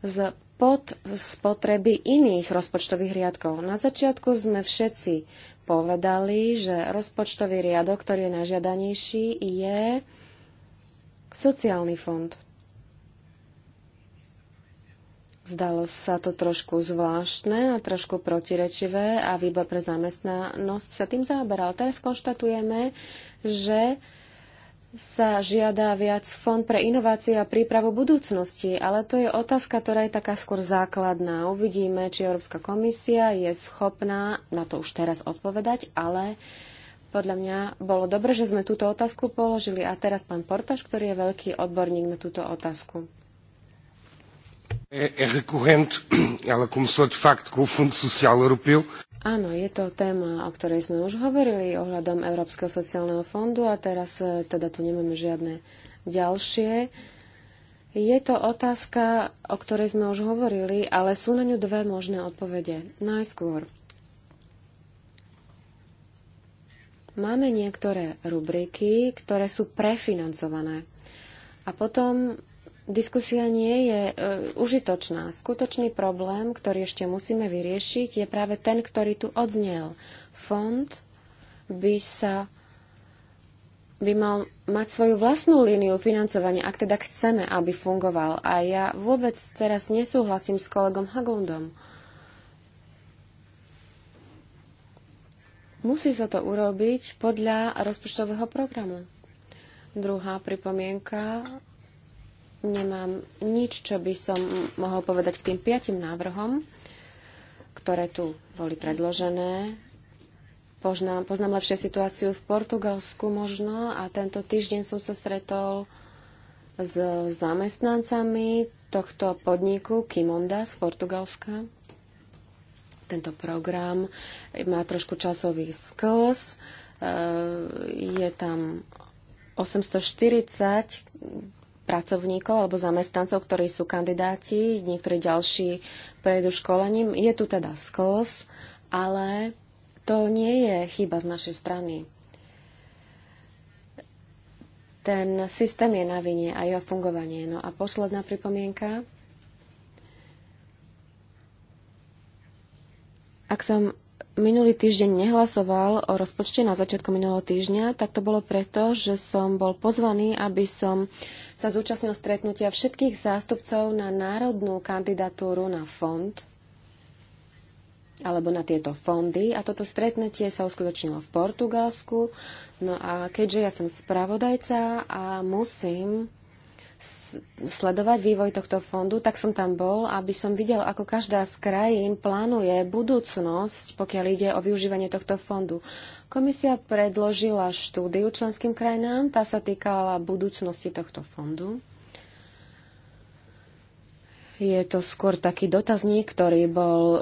z pod spotreby iných rozpočtových riadkov. Na začiatku sme všetci povedali, že rozpočtový riadok, ktorý je najžiadanejší, je sociálny fond. Zdalo sa to trošku zvláštne a trošku protirečivé a výbor pre zamestnanosť sa tým zaoberal. Teraz konštatujeme, že sa žiada viac fond pre inovácie a prípravu budúcnosti, ale to je otázka, ktorá je taká skôr základná. Uvidíme, či Európska komisia je schopná na to už teraz odpovedať, ale podľa mňa bolo dobre, že sme túto otázku položili. A teraz pán Portaš, ktorý je veľký odborník na túto otázku. É, é recorrente, ela começou de facto com o Fundo Social Europeu. Áno, je to téma, o ktorej sme už hovorili ohľadom Európskeho sociálneho fondu a teraz e, teda tu nemáme žiadne ďalšie. Je to otázka, o ktorej sme už hovorili, ale sú na ňu dve možné odpovede. Najskôr. Máme niektoré rubriky, ktoré sú prefinancované. A potom Diskusia nie je e, užitočná. Skutočný problém, ktorý ešte musíme vyriešiť, je práve ten, ktorý tu odznel. Fond by sa by mal mať svoju vlastnú líniu financovania, ak teda chceme, aby fungoval. A ja vôbec teraz nesúhlasím s kolegom Hagondom. Musí sa to urobiť podľa rozpočtového programu. Druhá pripomienka nemám nič, čo by som mohol povedať k tým piatim návrhom, ktoré tu boli predložené. Poznám, poznám lepšie situáciu v Portugalsku možno a tento týždeň som sa stretol s zamestnancami tohto podniku Kimonda z Portugalska. Tento program má trošku časový sklz. E, je tam 840 pracovníkov alebo zamestnancov, ktorí sú kandidáti, niektorí ďalší prejdú školením. Je tu teda sklos, ale to nie je chyba z našej strany. Ten systém je na vine a jeho fungovanie. No a posledná pripomienka. Ak som minulý týždeň nehlasoval o rozpočte na začiatku minulého týždňa, tak to bolo preto, že som bol pozvaný, aby som sa zúčastnil stretnutia všetkých zástupcov na národnú kandidatúru na fond alebo na tieto fondy. A toto stretnutie sa uskutočnilo v Portugalsku. No a keďže ja som spravodajca a musím sledovať vývoj tohto fondu, tak som tam bol, aby som videl, ako každá z krajín plánuje budúcnosť, pokiaľ ide o využívanie tohto fondu. Komisia predložila štúdiu členským krajinám, tá sa týkala budúcnosti tohto fondu. Je to skôr taký dotazník, ktorý bol e,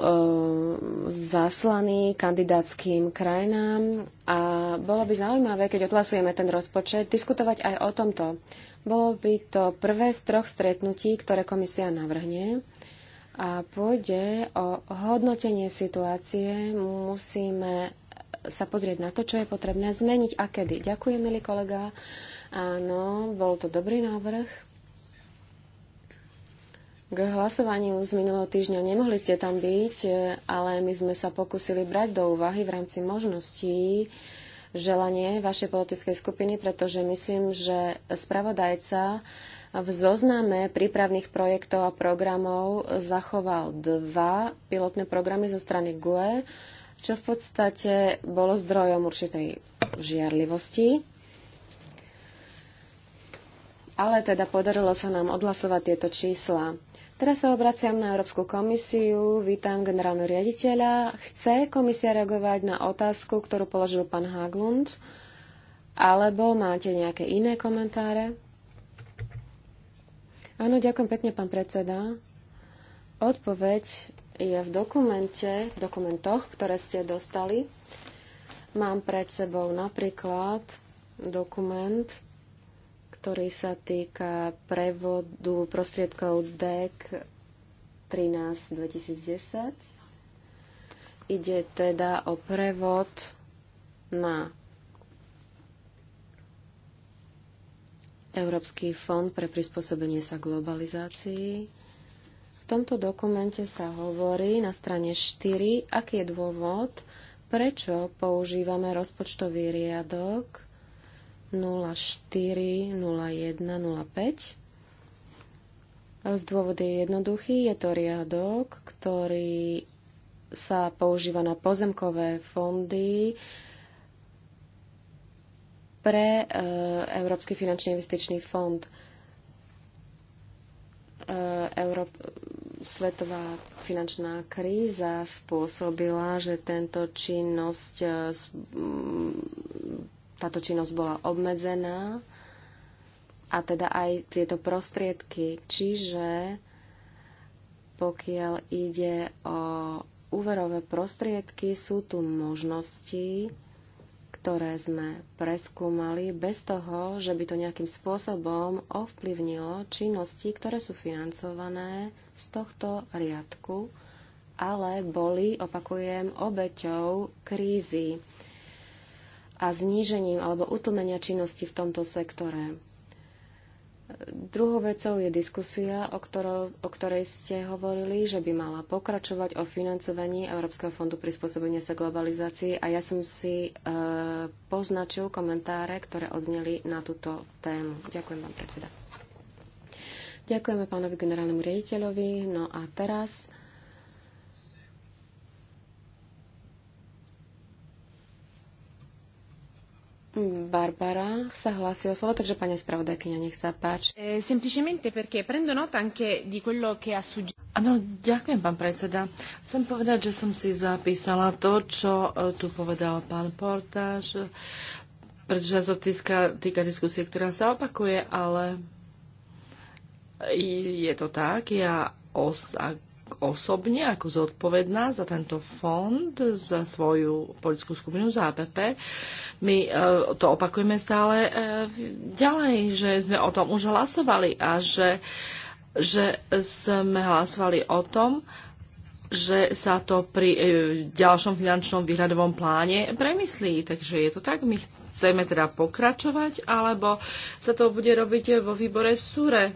zaslaný kandidátským krajinám a bolo by zaujímavé, keď odhlasujeme ten rozpočet, diskutovať aj o tomto. E, bolo by to prvé z troch stretnutí, ktoré komisia navrhne a pôjde o hodnotenie situácie. Musíme sa pozrieť na to, čo je potrebné zmeniť a kedy. Ďakujem, milý kolega. Áno, bol to dobrý návrh. K hlasovaniu z minulého týždňa nemohli ste tam byť, ale my sme sa pokúsili brať do úvahy v rámci možností želanie vašej politickej skupiny, pretože myslím, že spravodajca v zozname prípravných projektov a programov zachoval dva pilotné programy zo strany GUE, čo v podstate bolo zdrojom určitej žiarlivosti. Ale teda podarilo sa nám odhlasovať tieto čísla. Teraz sa obraciam na Európsku komisiu, vítam generálneho riaditeľa. Chce komisia reagovať na otázku, ktorú položil pán Haglund? Alebo máte nejaké iné komentáre? Áno, ďakujem pekne, pán predseda. Odpoveď je v dokumente, v dokumentoch, ktoré ste dostali. Mám pred sebou napríklad dokument ktorý sa týka prevodu prostriedkov DEC 13 2010. Ide teda o prevod na Európsky fond pre prispôsobenie sa globalizácii. V tomto dokumente sa hovorí na strane 4, aký je dôvod, prečo používame rozpočtový riadok 04, 01, 05. Z dôvod je jednoduchý, je to riadok, ktorý sa používa na pozemkové fondy pre e, Európsky finančný investičný fond. E, svetová finančná kríza spôsobila, že tento činnosť e, táto činnosť bola obmedzená a teda aj tieto prostriedky. Čiže pokiaľ ide o úverové prostriedky, sú tu možnosti, ktoré sme preskúmali bez toho, že by to nejakým spôsobom ovplyvnilo činnosti, ktoré sú financované z tohto riadku, ale boli, opakujem, obeťou krízy a znížením alebo utlmenia činnosti v tomto sektore. Druhou vecou je diskusia, o, ktoro, o ktorej ste hovorili, že by mala pokračovať o financovaní Európskeho fondu prispôsobenia sa globalizácii a ja som si e, poznačil komentáre, ktoré odzneli na túto tému. Ďakujem vám, predseda. Ďakujeme pánovi generálnemu riaditeľovi. No a teraz Barbara sa hlási o slovo, takže pani spravodajkyňa, nech sa páči. Eh, semplicemente perché prendo nota anche di quello che ha suggerito. Áno, ďakujem, pán predseda. Chcem povedať, že som si zapísala to, čo eh, tu povedal pán Portáž, pretože to týka, týka diskusie, ktorá sa opakuje, ale je to tak. Ja os, ak osobne ako zodpovedná za tento fond, za svoju politickú skupinu, za APP. My e, to opakujeme stále e, ďalej, že sme o tom už hlasovali a že, že sme hlasovali o tom, že sa to pri e, ďalšom finančnom výhľadovom pláne premyslí. Takže je to tak, my chceme teda pokračovať, alebo sa to bude robiť vo výbore SURE.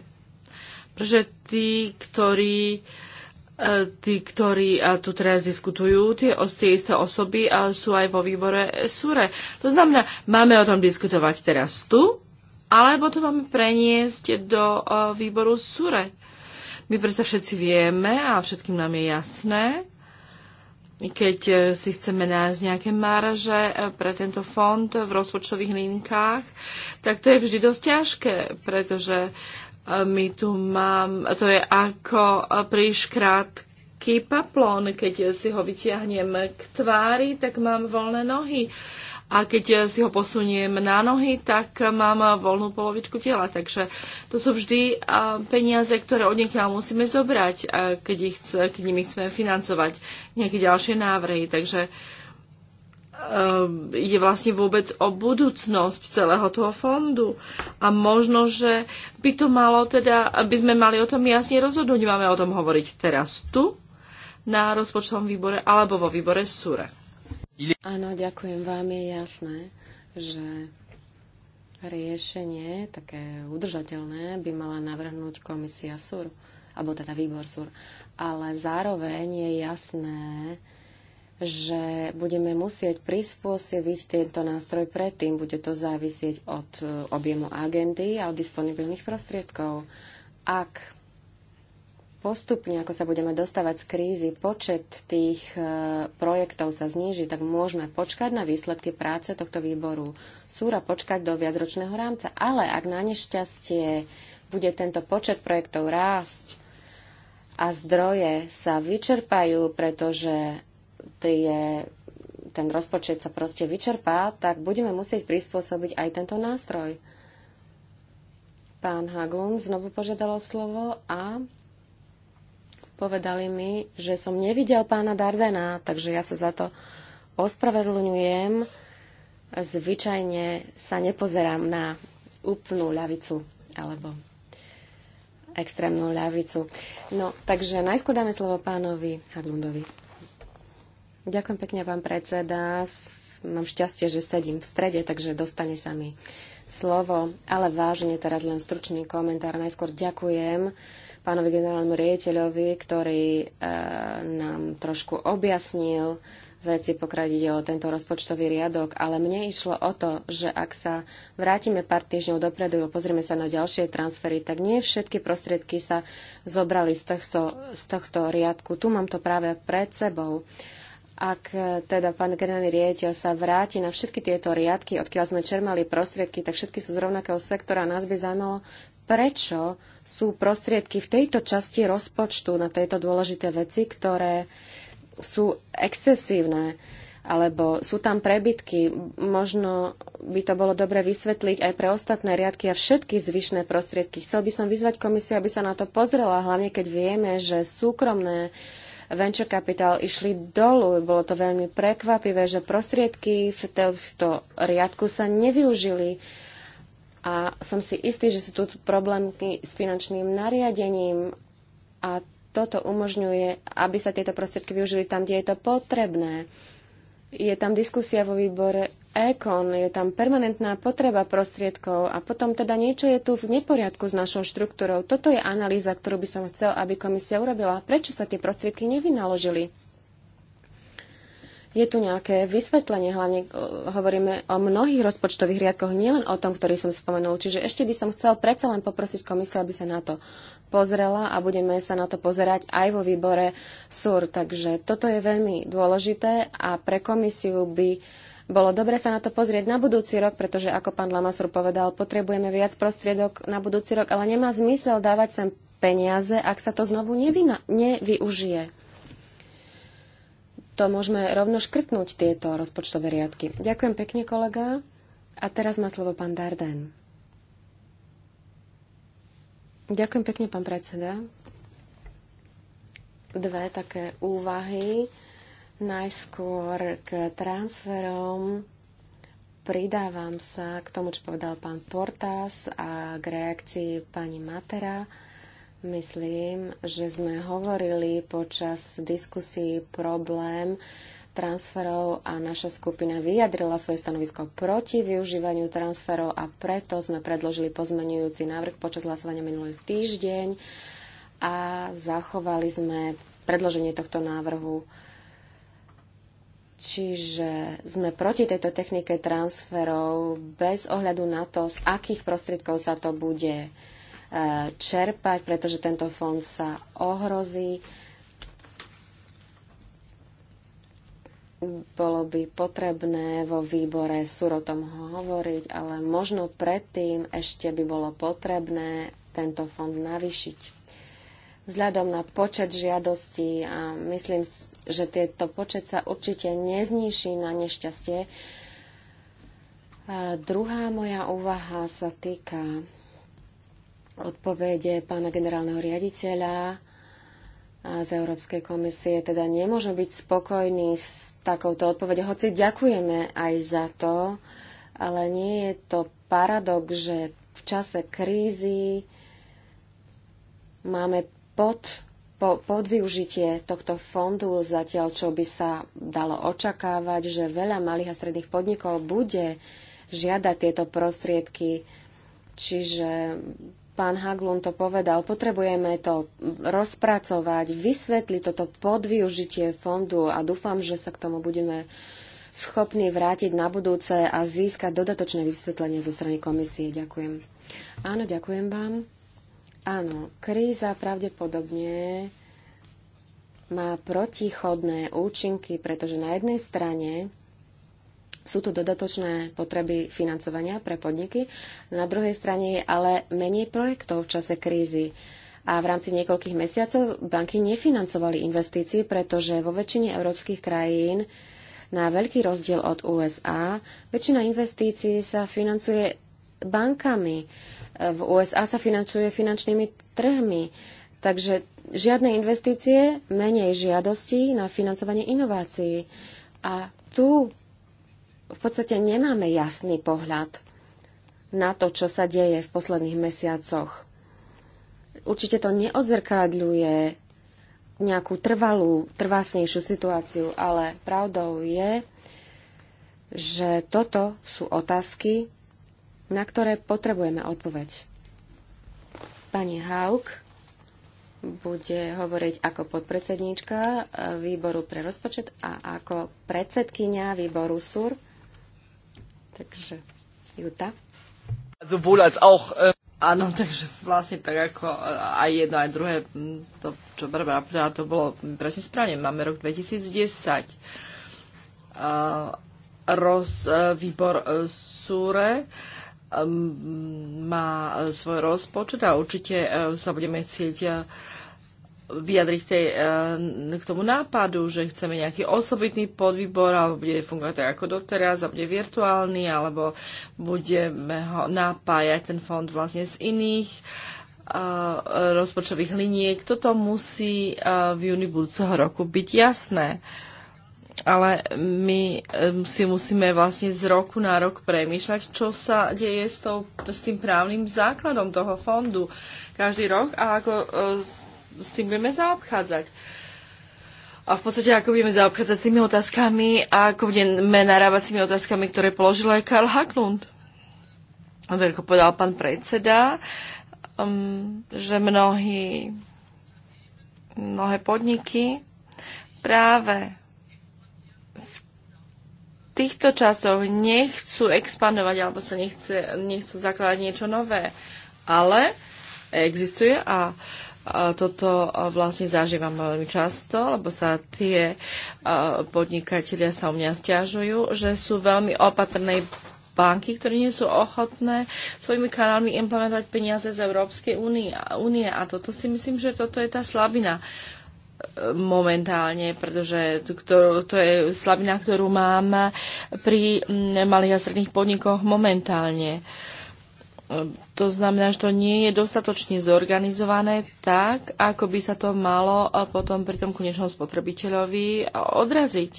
Pretože tí, ktorí e, E, tí, ktorí e, tu teraz diskutujú, tie, tie isté osoby sú aj vo výbore SURE. To znamená, máme o tom diskutovať teraz tu, alebo to máme preniesť do e, výboru SURE. My predsa všetci vieme a všetkým nám je jasné, keď si chceme nájsť nejaké marže pre tento fond v rozpočtových linkách, tak to je vždy dosť ťažké, pretože my tu mám, to je ako príš krátky paplon. keď si ho vyťahnem k tvári, tak mám voľné nohy. A keď si ho posuniem na nohy, tak mám voľnú polovičku tela. Takže to sú vždy peniaze, ktoré od niekiaľ musíme zobrať, keď, ich, keď nimi chceme financovať nejaké ďalšie návrhy. Takže Ehm, je vlastne vôbec o budúcnosť celého toho fondu. A možno, že by to malo teda, aby sme mali o tom jasne rozhodnúť, máme o tom hovoriť teraz tu, na rozpočtovom výbore alebo vo výbore SURE. Áno, ďakujem vám. Je jasné, že riešenie také udržateľné by mala navrhnúť komisia SUR, alebo teda výbor SUR. Ale zároveň je jasné, že budeme musieť prispôsobiť tento nástroj predtým. Bude to závisieť od e, objemu agendy a od disponibilných prostriedkov. Ak postupne, ako sa budeme dostávať z krízy, počet tých e, projektov sa zníži, tak môžeme počkať na výsledky práce tohto výboru súra, počkať do viacročného rámca. Ale ak na nešťastie bude tento počet projektov rásť a zdroje sa vyčerpajú, pretože tie, ten rozpočet sa proste vyčerpá, tak budeme musieť prispôsobiť aj tento nástroj. Pán Haglund znovu požiadal o slovo a povedali mi, že som nevidel pána Dardena, takže ja sa za to ospravedlňujem. Zvyčajne sa nepozerám na úplnú ľavicu alebo extrémnu ľavicu. No, takže najskôr dáme slovo pánovi Haglundovi. Ďakujem pekne, pán predseda. Mám šťastie, že sedím v strede, takže dostane sa mi slovo. Ale vážne teraz len stručný komentár. Najskôr ďakujem pánovi generálnemu riaditeľovi, ktorý e, nám trošku objasnil veci, pokradiť o tento rozpočtový riadok, ale mne išlo o to, že ak sa vrátime pár týždňov dopredu a pozrieme sa na ďalšie transfery, tak nie všetky prostriedky sa zobrali z tohto, z tohto riadku. Tu mám to práve pred sebou. Ak e, teda pán generálny riaditeľ sa vráti na všetky tieto riadky, odkiaľ sme čermali prostriedky, tak všetky sú z rovnakého sektora. Nás by zaujímalo, prečo sú prostriedky v tejto časti rozpočtu na tejto dôležité veci, ktoré sú excesívne alebo sú tam prebytky. Možno by to bolo dobre vysvetliť aj pre ostatné riadky a všetky zvyšné prostriedky. Chcel by som vyzvať komisiu, aby sa na to pozrela, hlavne keď vieme, že súkromné uh, venture capital išli dolu. Bolo to veľmi prekvapivé, že prostriedky v tomto riadku sa nevyužili. A som si istý, že sú tu problémy s finančným nariadením a toto umožňuje, aby sa tieto prostriedky využili tam, kde je to potrebné. Je tam diskusia vo výbore ekon, je tam permanentná potreba prostriedkov a potom teda niečo je tu v neporiadku s našou štruktúrou. Toto je analýza, ktorú by som chcel, aby komisia urobila. Prečo sa tie prostriedky nevynaložili? Je tu nejaké vysvetlenie, hlavne eh, hovoríme o mnohých rozpočtových riadkoch, nielen o tom, ktorý som spomenul. Čiže ešte by som chcel predsa len poprosiť komisiu, aby sa na to pozrela a budeme sa na to pozerať aj vo výbore SUR. Takže toto je veľmi dôležité a pre komisiu by bolo dobre sa na to pozrieť na budúci rok, pretože, ako pán Lamasur povedal, potrebujeme viac prostriedok na budúci rok, ale nemá zmysel dávať sem peniaze, ak sa to znovu nevyna- nevyužije. To môžeme rovno škrtnúť tieto rozpočtové riadky. Ďakujem pekne, kolega. A teraz má slovo pán Darden. Ďakujem pekne, pán predseda. Dve také úvahy Najskôr k transferom pridávam sa k tomu, čo povedal pán Portas a k reakcii pani Matera. Myslím, že sme hovorili počas diskusí problém transferov a naša skupina vyjadrila svoje stanovisko proti využívaniu transferov a preto sme predložili pozmenujúci návrh počas hlasovania minulý týždeň a zachovali sme predloženie tohto návrhu Čiže sme proti tejto technike transferov bez ohľadu na to, z akých prostriedkov sa to bude e, čerpať, pretože tento fond sa ohrozí. Bolo by potrebné vo výbore Sur o hovoriť, ale možno predtým ešte by bolo potrebné tento fond navyšiť vzhľadom na počet žiadostí a myslím, že tieto počet sa určite nezníši na nešťastie. A druhá moja úvaha sa týka odpovede pána generálneho riaditeľa z Európskej komisie. Teda nemôžem byť spokojný s takouto odpovede, hoci ďakujeme aj za to, ale nie je to paradox, že v čase krízy máme pod, po, podvyužitie tohto fondu, zatiaľ čo by sa dalo očakávať, že veľa malých a stredných podnikov bude žiadať tieto prostriedky. Čiže pán Haglund to povedal, potrebujeme to rozpracovať, vysvetliť toto podvyužitie fondu a dúfam, že sa k tomu budeme schopní vrátiť na budúce a získať dodatočné vysvetlenie zo strany komisie. Ďakujem. Áno, ďakujem vám. Áno, kríza pravdepodobne má protichodné účinky, pretože na jednej strane sú tu dodatočné potreby financovania pre podniky, na druhej strane je ale menej projektov v čase krízy. A v rámci niekoľkých mesiacov banky nefinancovali investície, pretože vo väčšine európskych krajín na veľký rozdiel od USA väčšina investícií sa financuje bankami v USA sa finančuje finančnými trhmi. Takže žiadne investície, menej žiadostí na financovanie inovácií. A tu v podstate nemáme jasný pohľad na to, čo sa deje v posledných mesiacoch. Určite to neodzrkadľuje nejakú trvalú, trvásnejšiu situáciu, ale pravdou je, že toto sú otázky, na ktoré potrebujeme odpoveď. Pani Haug bude hovoriť ako podpredsedníčka výboru pre rozpočet a ako predsedkynia výboru SUR. Takže Juta. Äh, Áno, takže vlastne tak ako eh, aj jedno, aj druhé, hm, to, čo Barbara povedala, to bolo presne správne. Máme rok 2010. Uh, eh, roz, uh, výbor uh, SURE Um, má svoj rozpočet a určite uh, sa budeme chcieť uh, vyjadriť tej, uh, k tomu nápadu, že chceme nejaký osobitný podvýbor, alebo bude fungovať tak ako doteraz, a bude virtuálny, alebo budeme ho napájať ten fond vlastne z iných rozpočtových liniek. Toto musí v júni budúceho roku byť jasné ale my si musíme vlastne z roku na rok premýšľať, čo sa deje s, tou, s tým právnym základom toho fondu každý rok a ako e, s tým budeme zaobchádzať. A v podstate, ako budeme zaobchádzať s tými otázkami a ako budeme narábať s tými otázkami, ktoré položil aj Karl Haklund. Veľko povedal pán predseda, um, že mnohí, mnohé podniky práve týchto časoch nechcú expandovať alebo sa nechce, nechcú zakladať niečo nové. Ale existuje a toto vlastne zažívam veľmi často, lebo sa tie podnikatelia sa u mňa stiažujú, že sú veľmi opatrné banky, ktoré nie sú ochotné svojimi kanálmi implementovať peniaze z Európskej únie a toto si myslím, že toto je tá slabina momentálne, pretože to, to je slabina, ktorú mám pri mm, malých a stredných podnikoch momentálne. To znamená, že to nie je dostatočne zorganizované tak, ako by sa to malo potom pri tom konečnom spotrebiteľovi odraziť.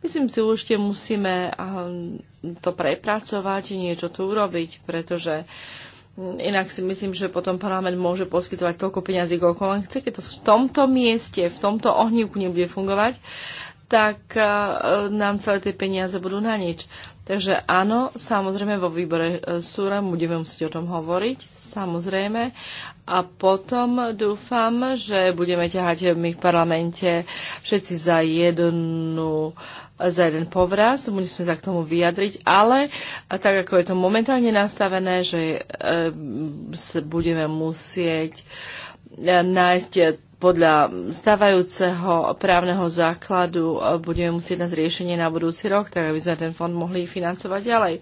Myslím si, už musíme ehm, to prepracovať, niečo tu urobiť, pretože uh, Inak si myslím, že potom parlament môže poskytovať toľko peňazí, koľko len chce. Keď to v tomto mieste, v tomto ohnívku nebude fungovať, tak e, nám celé tie peniaze budú na nič. Takže áno, samozrejme vo výbore e, súra budeme musieť o tom hovoriť, samozrejme. A potom dúfam, že budeme ťahať my v parlamente všetci za jednu uh, za jeden povraz, musíme sa k tomu vyjadriť, ale tak ako je to momentálne nastavené, že e, budeme musieť e, nájsť e, podľa stávajúceho právneho základu e, budeme musieť nájsť riešenie na budúci rok, tak aby sme ten fond mohli financovať ďalej.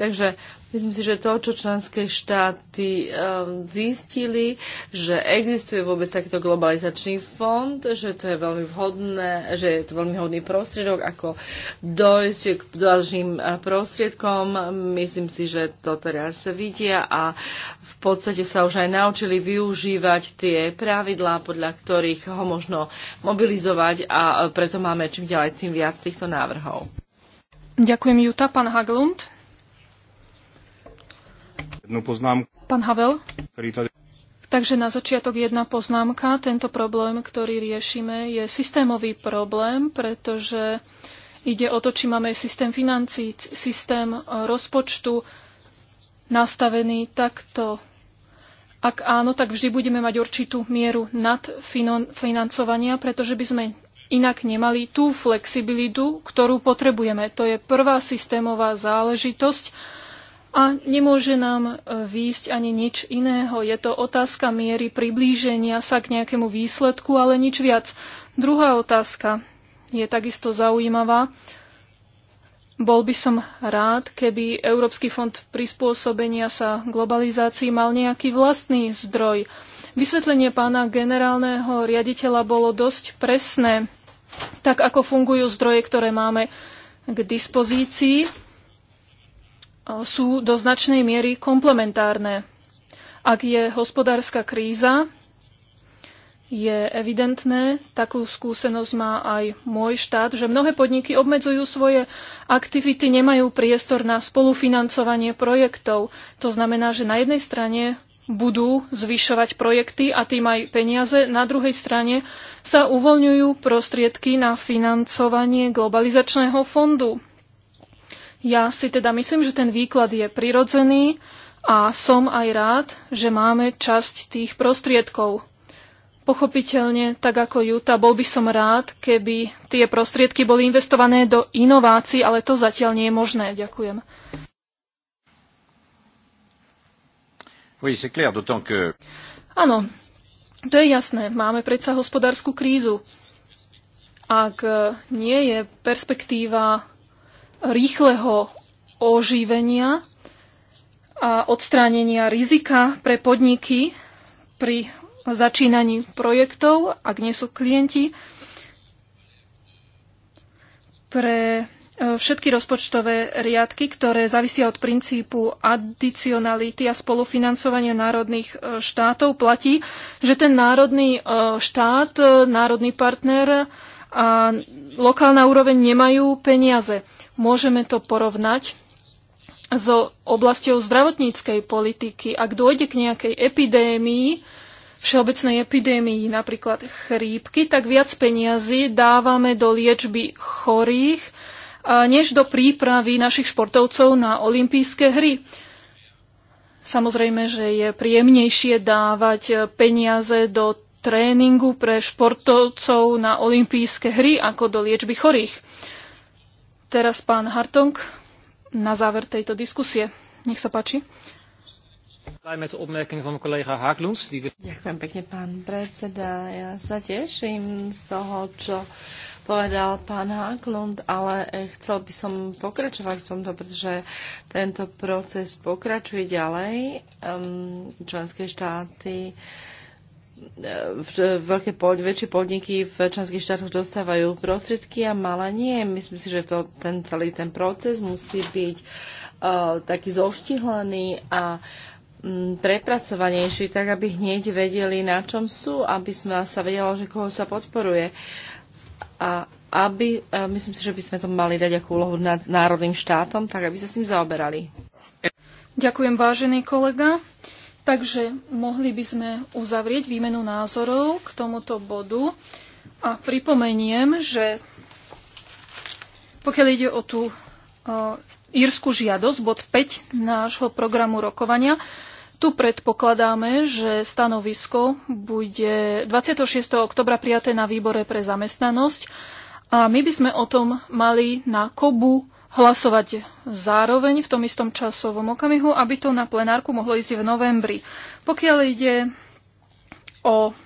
Takže Myslím si, že to, čo členské štáty um, zistili, že existuje vôbec takýto globalizačný fond, že to je veľmi vhodné, že je to veľmi vhodný prostriedok, ako dojsť k ďalším eh, prostriedkom. Myslím si, že to teraz vidia a v podstate sa už aj naučili využívať tie pravidlá, podľa ktorých ho možno mobilizovať a eh, preto máme čím ďalej tým viac týchto návrhov. Ďakujem Juta, pán Haglund. Jednu poznámku. Pán Havel? Takže na začiatok jedna poznámka. Tento problém, ktorý riešime, je systémový problém, pretože ide o to, či máme systém financí, systém rozpočtu nastavený takto. Ak áno, tak vždy budeme mať určitú mieru nadfinancovania, pretože by sme inak nemali tú flexibilitu, ktorú potrebujeme. To je prvá systémová záležitosť a nemôže nám e, výjsť ani nič iného. Je to otázka miery priblíženia sa k nejakému výsledku, ale nič viac. Druhá otázka je takisto zaujímavá. Bol by som rád, keby Európsky fond prispôsobenia sa globalizácii mal nejaký vlastný zdroj. Vysvetlenie pána generálneho riaditeľa bolo dosť presné, tak ako fungujú zdroje, ktoré máme k dispozícii sú do značnej miery komplementárne. Ak je hospodárska kríza, je evidentné, takú skúsenosť má aj môj štát, že mnohé podniky obmedzujú svoje aktivity, nemajú priestor na spolufinancovanie projektov. To znamená, že na jednej strane budú zvyšovať projekty a tým aj peniaze, na druhej strane sa uvoľňujú prostriedky na financovanie globalizačného fondu. Ja si teda myslím, že ten výklad je prirodzený a som aj rád, že máme časť tých prostriedkov. Pochopiteľne, tak ako Juta, bol by som rád, keby tie prostriedky boli investované do inovácií, ale to zatiaľ nie je možné. Ďakujem. Oui, c'est clair, d'autant que... Áno, to je jasné. Máme predsa hospodárskú krízu. Ak eh, nie je perspektíva rýchleho oživenia a odstránenia rizika pre podniky pri začínaní projektov, ak nie sú klienti, pre e, všetky rozpočtové riadky, ktoré zavisia od princípu adicionality a spolufinancovania národných e, štátov, platí, že ten národný e, štát, národný partner a lokálna úroveň nemajú peniaze. Môžeme to porovnať so oblasťou zdravotníckej politiky. Ak dôjde k nejakej epidémii, všeobecnej epidémii, napríklad chrípky, tak viac peniazy dávame do liečby chorých, než do prípravy našich športovcov na olympijské hry. Samozrejme, že je príjemnejšie dávať peniaze do tréningu pre športovcov na olympijské hry ako do liečby chorých. Teraz pán Hartong na záver tejto diskusie. Nech sa páči. Ďakujem pekne, pán predseda. Ja sa teším z toho, čo povedal pán Haklund, ale eh, chcel by som pokračovať v tomto, pretože tento proces pokračuje ďalej. Um, členské štáty uh, veľké pod, väčšie podniky v členských štátoch dostávajú prostriedky a malé nie. Myslím si, že to, ten celý ten proces musí byť uh, taký zoštihlený a um, prepracovanejší, tak aby hneď vedeli, na čom sú, aby sme sa vedelo, že koho sa podporuje. A aby, uh, myslím si, že by sme to mali dať ako úlohu nad národným štátom, tak aby sa s tým zaoberali. Ďakujem, vážený kolega. Takže mohli by sme uzavrieť výmenu názorov k tomuto bodu a pripomeniem, že pokiaľ ide o tú írsku žiadosť, bod 5 nášho programu rokovania, tu predpokladáme, že stanovisko bude 26. oktobra prijaté na výbore pre zamestnanosť a my by sme o tom mali na KOBU hlasovať zároveň v tom istom časovom okamihu, aby to na plenárku mohlo ísť v novembri. Pokiaľ ide o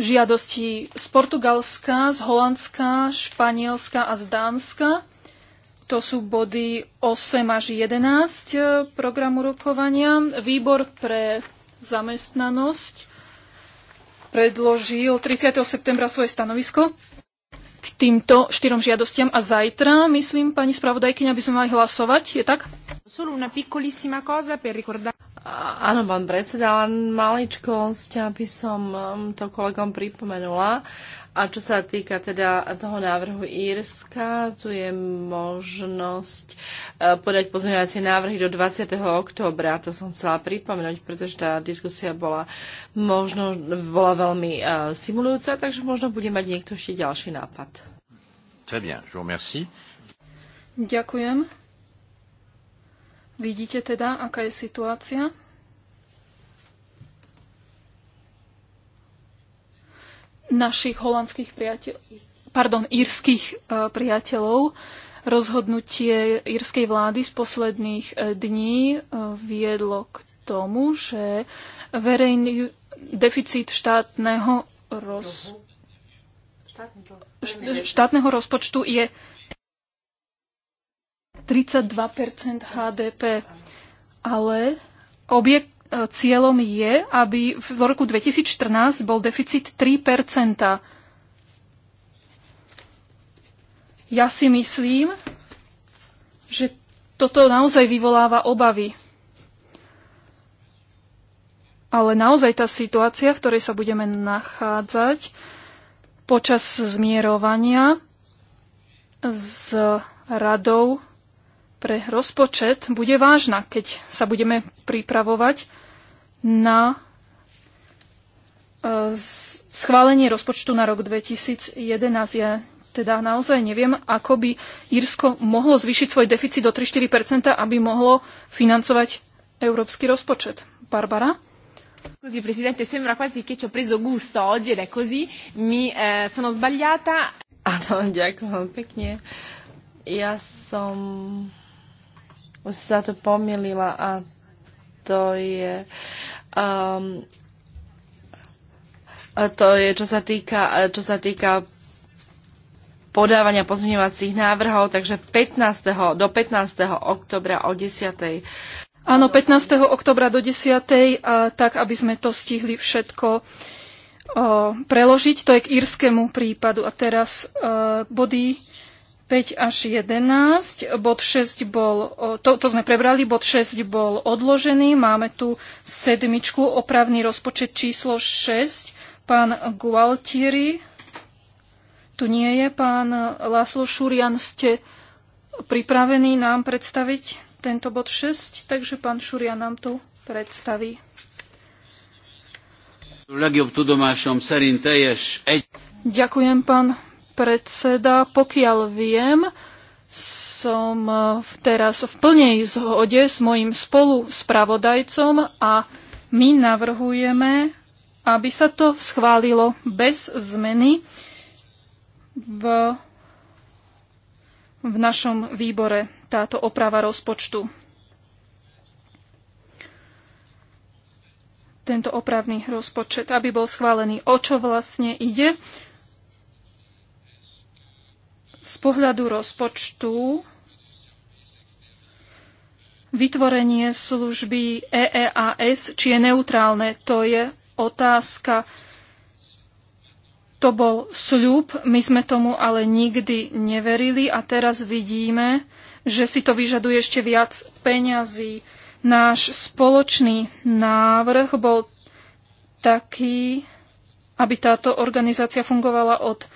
žiadosti z Portugalska, z Holandska, Španielska a z Dánska, to sú body 8 až 11 programu rokovania. Výbor pre zamestnanosť predložil 30. septembra svoje stanovisko týmto štyrom žiadostiam a zajtra, myslím, pani spravodajkyňa, by sme mali hlasovať, je tak? Áno, pán predseda, len maličkosť, aby som um, to kolegom pripomenula. A čo sa týka teda toho návrhu Írska, tu je možnosť e, podať pozmeňovacie návrhy do 20. októbra. To som chcela pripomenúť, pretože tá diskusia bola, možno, bola veľmi e, simulujúca, takže možno bude mať niekto ešte ďalší nápad. Très bien, je vous remercie. Ďakujem. Vidíte teda, aká je situácia? našich holandských priateľov, pardon, írskych e, priateľov. Rozhodnutie írskej vlády z posledných e, dní e, viedlo k tomu, že verejný deficit štátneho roz... štátneho rozpočtu je 32 HDP, ale objekt cieľom je, aby v roku 2014 bol deficit 3 Ja si myslím, že toto naozaj vyvoláva obavy. Ale naozaj tá situácia, v ktorej sa budeme nachádzať počas zmierovania s radou pre rozpočet, bude vážna, keď sa budeme pripravovať na e, schválenie rozpočtu na rok 2011. Ja teda naozaj neviem, ako by Írsko mohlo zvýšiť svoj deficit do 3-4%, aby mohlo financovať európsky rozpočet. Barbara? Così Presidente, sembra quasi che ci ho preso gusto oggi ed è così. Mi eh, sono sbagliata. Áno, ďakujem pekne. Ja som sa to pomýlila a to je um, to je, čo sa týka, čo sa týka podávania pozmeňovacích návrhov, takže 15. do 15. oktobra o 10. Áno, 15. oktobra do 10. A tak, aby sme to stihli všetko o, preložiť. To je k írskému prípadu. A teraz e, body 5 až 11. Bod 6 bol, to, to sme prebrali, bod 6 bol odložený. Máme tu sedmičku, opravný rozpočet číslo 6. Pán Gualtieri, tu nie je. Pán Laslo Šurian, ste pripravení nám predstaviť tento bod 6, takže pán Šurian nám to predstaví. Ďakujem, pán predseda. Pokiaľ viem, som eh, teraz v plnej zhode s mojim spoluspravodajcom a my navrhujeme, aby sa to schválilo bez zmeny v, v našom výbore táto oprava rozpočtu. Tento opravný rozpočet, aby bol schválený. O čo vlastne ide? z pohľadu rozpočtu vytvorenie služby EEAS, či je neutrálne, to je otázka. To bol sľub, my sme tomu ale nikdy neverili a teraz vidíme, že si to vyžaduje ešte viac peňazí. Náš spoločný návrh bol taký, aby táto organizácia fungovala od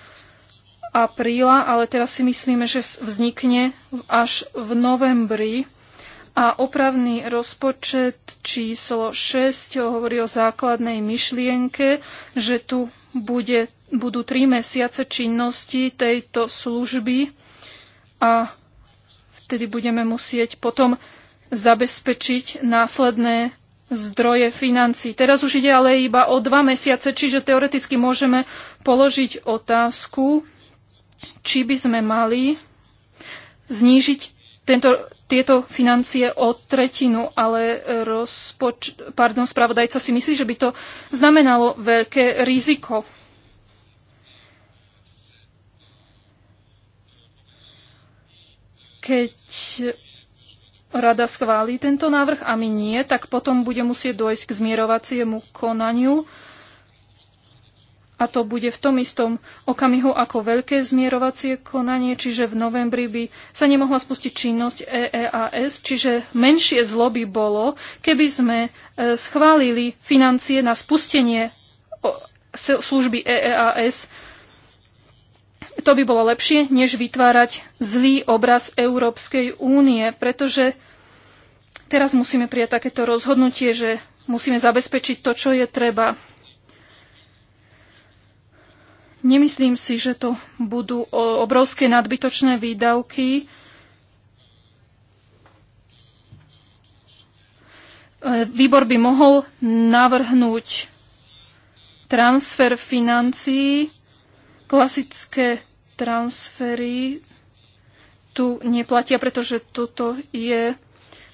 apríla, ale teraz si myslíme, že vznikne až v novembri. A opravný rozpočet číslo 6 hovorí o základnej myšlienke, že tu bude, budú tri mesiace činnosti tejto služby a vtedy budeme musieť potom zabezpečiť následné zdroje financí. Teraz už ide ale iba o dva mesiace, čiže teoreticky môžeme položiť otázku, či by sme mali znížiť tento, tieto financie o tretinu, ale rozpoč- pardon, spravodajca si myslí, že by to znamenalo veľké riziko. Keď rada schváli tento návrh a my nie, tak potom bude musieť dojsť k zmierovaciemu konaniu a to bude v tom istom okamihu ako veľké zmierovacie konanie, čiže v novembri by sa nemohla spustiť činnosť EEAS, čiže menšie zlo by bolo, keby sme e, schválili financie na spustenie služby EEAS. To by bolo lepšie, než vytvárať zlý obraz Európskej únie, pretože teraz musíme prijať takéto rozhodnutie, že musíme zabezpečiť to, čo je treba. Nemyslím si, že to budú obrovské nadbytočné výdavky. E, výbor by mohol navrhnúť transfer financií, klasické transfery tu neplatia, pretože toto je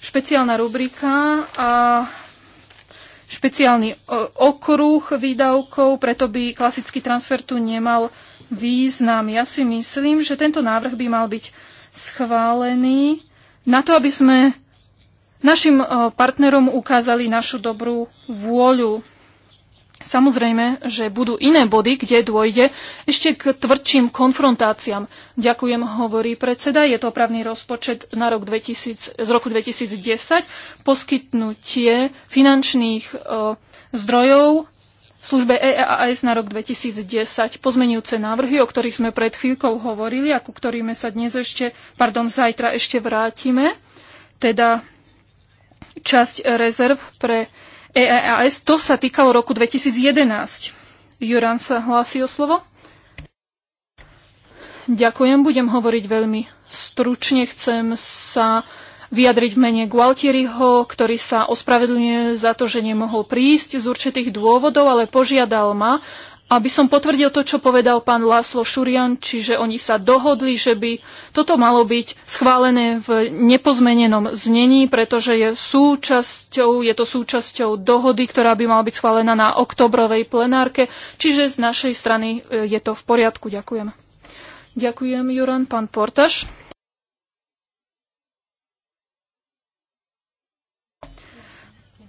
špeciálna rubrika a špeciálny e, okruh výdavkov, preto by klasický transfer tu nemal význam. Ja si myslím, že tento návrh by mal byť schválený na to, aby sme našim e, partnerom ukázali našu dobrú vôľu. Samozrejme, že budú iné body, kde dôjde ešte k tvrdším konfrontáciám. Ďakujem, hovorí predseda. Je to opravný rozpočet na rok 2000, z roku 2010, poskytnutie finančných e, zdrojov službe EAS na rok 2010. Pozmenujúce návrhy, o ktorých sme pred chvíľkou hovorili a ku ktorým sa dnes ešte, pardon, zajtra ešte vrátime, teda časť rezerv pre EEAS, to sa týkalo roku 2011. Juran sa hlási o slovo. Ďakujem, budem hovoriť veľmi stručne. Chcem sa vyjadriť v mene Gualtieriho, ktorý sa ospravedlňuje za to, že nemohol prísť z určitých dôvodov, ale požiadal ma, aby som potvrdil to, čo povedal pán Laslo Šurian, čiže oni sa dohodli, že by toto malo byť schválené v nepozmenenom znení, pretože je súčasťou, je to súčasťou dohody, ktorá by mala byť schválená na oktobrovej plenárke, čiže z našej strany e, je to v poriadku. Ďakujem. Ďakujem, Juran. Pán Portaš.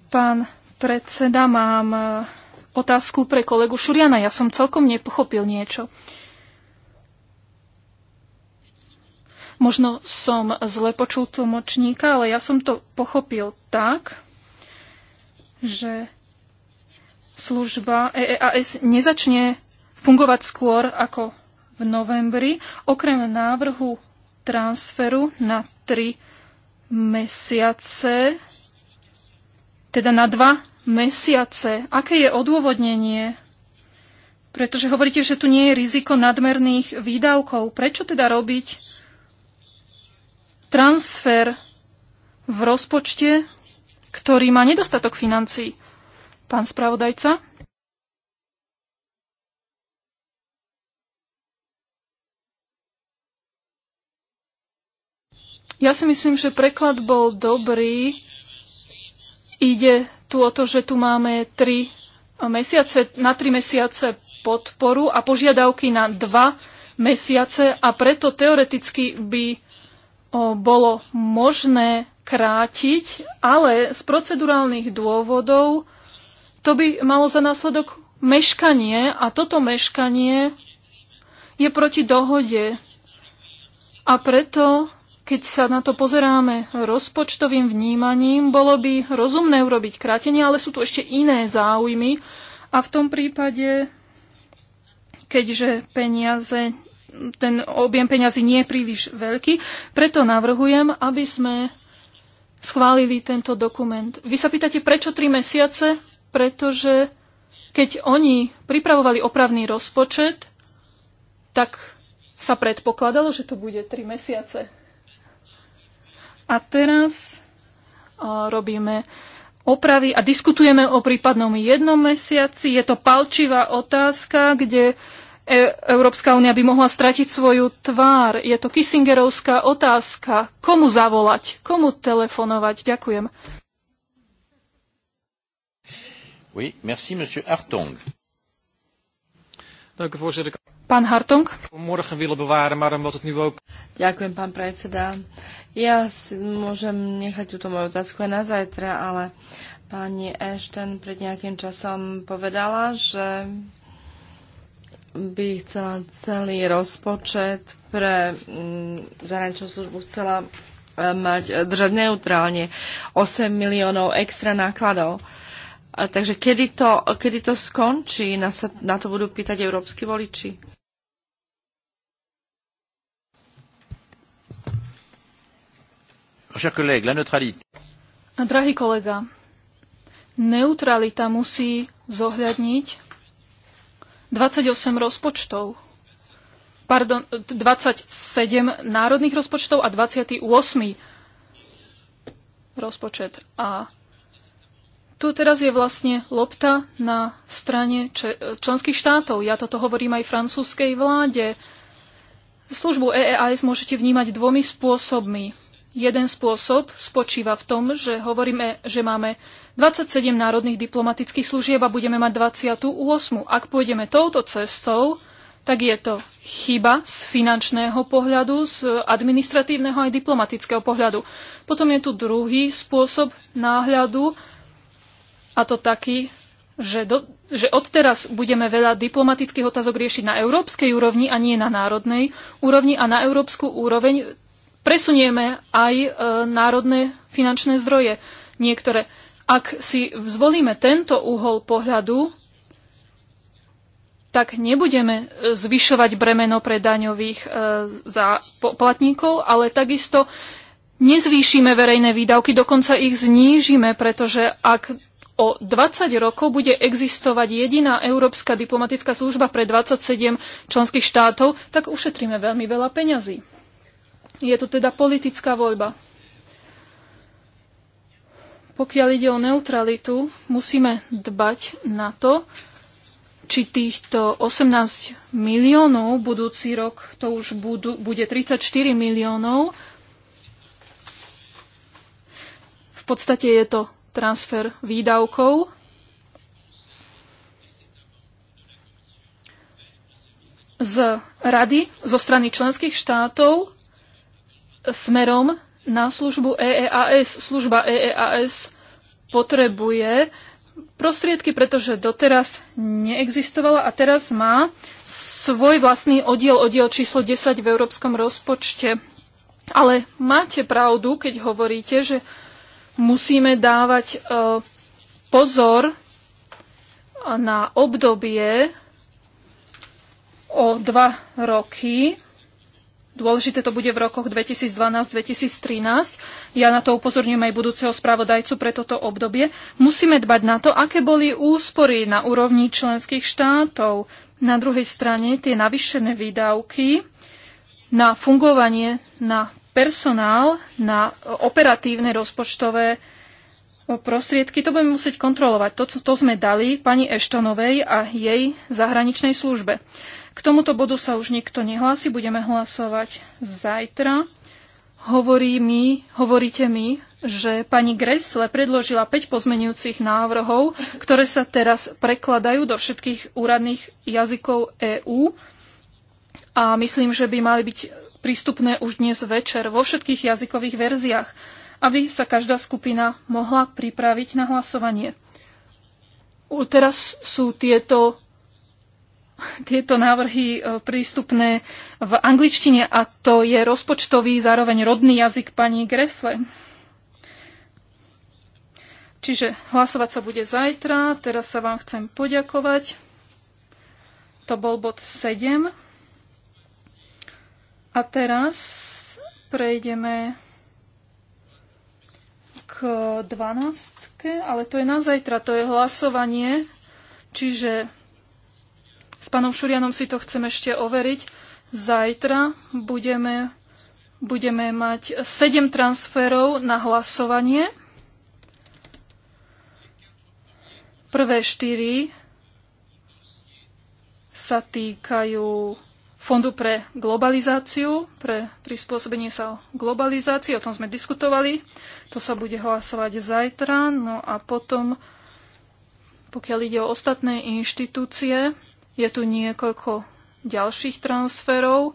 Pán predseda, mám e, otázku pre kolegu Šuriana. Ja som celkom nepochopil niečo. Uh, Možno som zle počul tlmočníka, ale ja som to pochopil tak, že služba EEAS nezačne fungovať skôr ako v novembri. Okrem návrhu transferu na tri mesiace, teda na dva mesiace. Aké je odôvodnenie? Pretože hovoríte, že tu nie je riziko nadmerných výdavkov. Prečo teda robiť transfer v rozpočte, ktorý má nedostatok financií. Pán spravodajca? Ja si myslím, že preklad bol dobrý. Ide tu o to, že tu máme tri mesiace, na tri mesiace podporu a požiadavky na dva mesiace a preto teoreticky by bolo možné krátiť, ale z procedurálnych dôvodov to by malo za následok meškanie a toto meškanie je proti dohode. A preto, keď sa na to pozeráme rozpočtovým vnímaním, bolo by rozumné urobiť krátenie, ale sú tu ešte iné záujmy a v tom prípade, keďže peniaze ten objem peňazí nie je príliš veľký. Preto navrhujem, aby sme schválili tento dokument. Vy sa pýtate, prečo tri mesiace? Pretože keď oni pripravovali opravný rozpočet, tak sa predpokladalo, že to bude tri mesiace. A teraz robíme opravy a diskutujeme o prípadnom jednom mesiaci. Je to palčivá otázka, kde E, Európska únia by mohla stratiť svoju tvár. Je to Kissingerovská otázka. Komu zavolať? Komu telefonovať? Ďakujem. Oui, merci, monsieur Hartong. Dank u, voorzitter. Pán Hartong. Morgen willen bewaren, maar omdat het nu ook... Ďakujem, pán predseda. Ja si môžem nechať túto moju otázku aj na zajtra, ale pani Ashton pred nejakým časom povedala, že by chcela celý rozpočet pre mm, zahraničnú službu chcela e, mať, e, držať neutrálne 8 miliónov extra nákladov. A takže kedy to, kedy to skončí? Na, sa, na to budú pýtať európsky voliči. Drahý kolega, neutralita musí zohľadniť 28 rozpočtov. Pardon, 27 národných rozpočtov a 28 rozpočet. A tu teraz je vlastne lopta na strane členských štátov. Ja toto hovorím aj francúzskej vláde. Službu EEAS môžete vnímať dvomi spôsobmi. Jeden spôsob spočíva v tom, že hovoríme, že máme 27 národných diplomatických služieb a budeme mať 28. Ak pôjdeme touto cestou, tak je to chyba z finančného pohľadu, z administratívneho aj diplomatického pohľadu. Potom je tu druhý spôsob náhľadu a to taký, že, do, že odteraz budeme veľa diplomatických otázok riešiť na európskej úrovni a nie na národnej úrovni a na európsku úroveň presunieme aj e, národné finančné zdroje. Niektoré. Ak si zvolíme tento uhol pohľadu, tak nebudeme e, zvyšovať bremeno pre daňových e, za poplatníkov, ale takisto nezvýšime verejné výdavky, dokonca ich znížime, pretože ak o 20 rokov bude existovať jediná európska diplomatická služba pre 27 členských štátov, tak ušetríme veľmi veľa peňazí. Je to teda politická voľba. Pokiaľ ide o neutralitu, musíme dbať na to, či týchto 18 miliónov, budúci rok to už budú, bude 34 miliónov, v podstate je to transfer výdavkov. Z rady, zo strany členských štátov smerom na službu EEAS. Služba EEAS potrebuje prostriedky, pretože doteraz neexistovala a teraz má svoj vlastný oddiel, oddiel číslo 10 v európskom rozpočte. Ale máte pravdu, keď hovoríte, že musíme dávať e, pozor na obdobie o dva roky, Dôležité to bude v rokoch 2012-2013. Ja na to upozorňujem aj budúceho spravodajcu pre toto obdobie. Musíme dbať na to, aké boli úspory na úrovni členských štátov. Na druhej strane tie navyšené výdavky na fungovanie, na personál, na operatívne rozpočtové prostriedky, to budeme musieť kontrolovať. To, to sme dali pani Eštonovej a jej zahraničnej službe. K tomuto bodu sa už nikto nehlási, budeme hlasovať zajtra. Hovorí mi, hovoríte mi, že pani Gressle predložila 5 pozmenujúcich návrhov, ktoré sa teraz prekladajú do všetkých úradných jazykov EÚ a myslím, že by mali byť prístupné už dnes večer vo všetkých jazykových verziách, aby sa každá skupina mohla pripraviť na hlasovanie. Teraz sú tieto tieto návrhy e, prístupné v angličtine a to je rozpočtový, zároveň rodný jazyk pani Gresle. Čiže hlasovať sa bude zajtra. Teraz sa vám chcem poďakovať. To bol bod 7. A teraz prejdeme k 12. Ale to je na zajtra, to je hlasovanie. Čiže s pánom Šurianom si to chcem ešte overiť. Zajtra budeme, budeme mať 7 transferov na hlasovanie. Prvé 4 sa týkajú Fondu pre globalizáciu, pre prispôsobenie sa globalizácii, o tom sme diskutovali. To sa bude hlasovať zajtra. No a potom, pokiaľ ide o ostatné inštitúcie, je tu niekoľko ďalších transferov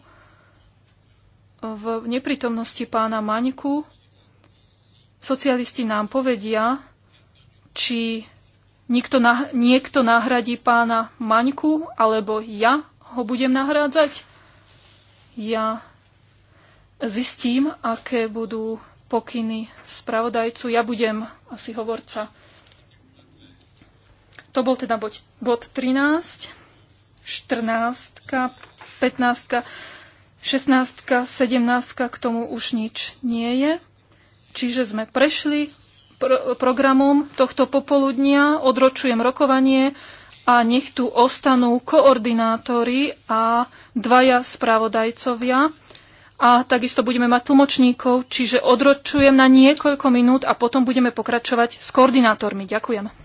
v neprítomnosti pána Maňku. Socialisti nám povedia, či niekto, nah- niekto nahradí pána Maňku, alebo ja ho budem nahrádzať. Ja zistím, aké budú pokyny spravodajcu. Ja budem asi hovorca. To bol teda bod, bod 13. 14, 15, 16, 17, k tomu už nič nie je. Čiže sme prešli pro- programom tohto popoludnia, odročujem rokovanie a nech tu ostanú koordinátori a dvaja spravodajcovia. A takisto budeme mať tlmočníkov, čiže odročujem na niekoľko minút a potom budeme pokračovať s koordinátormi. Ďakujem.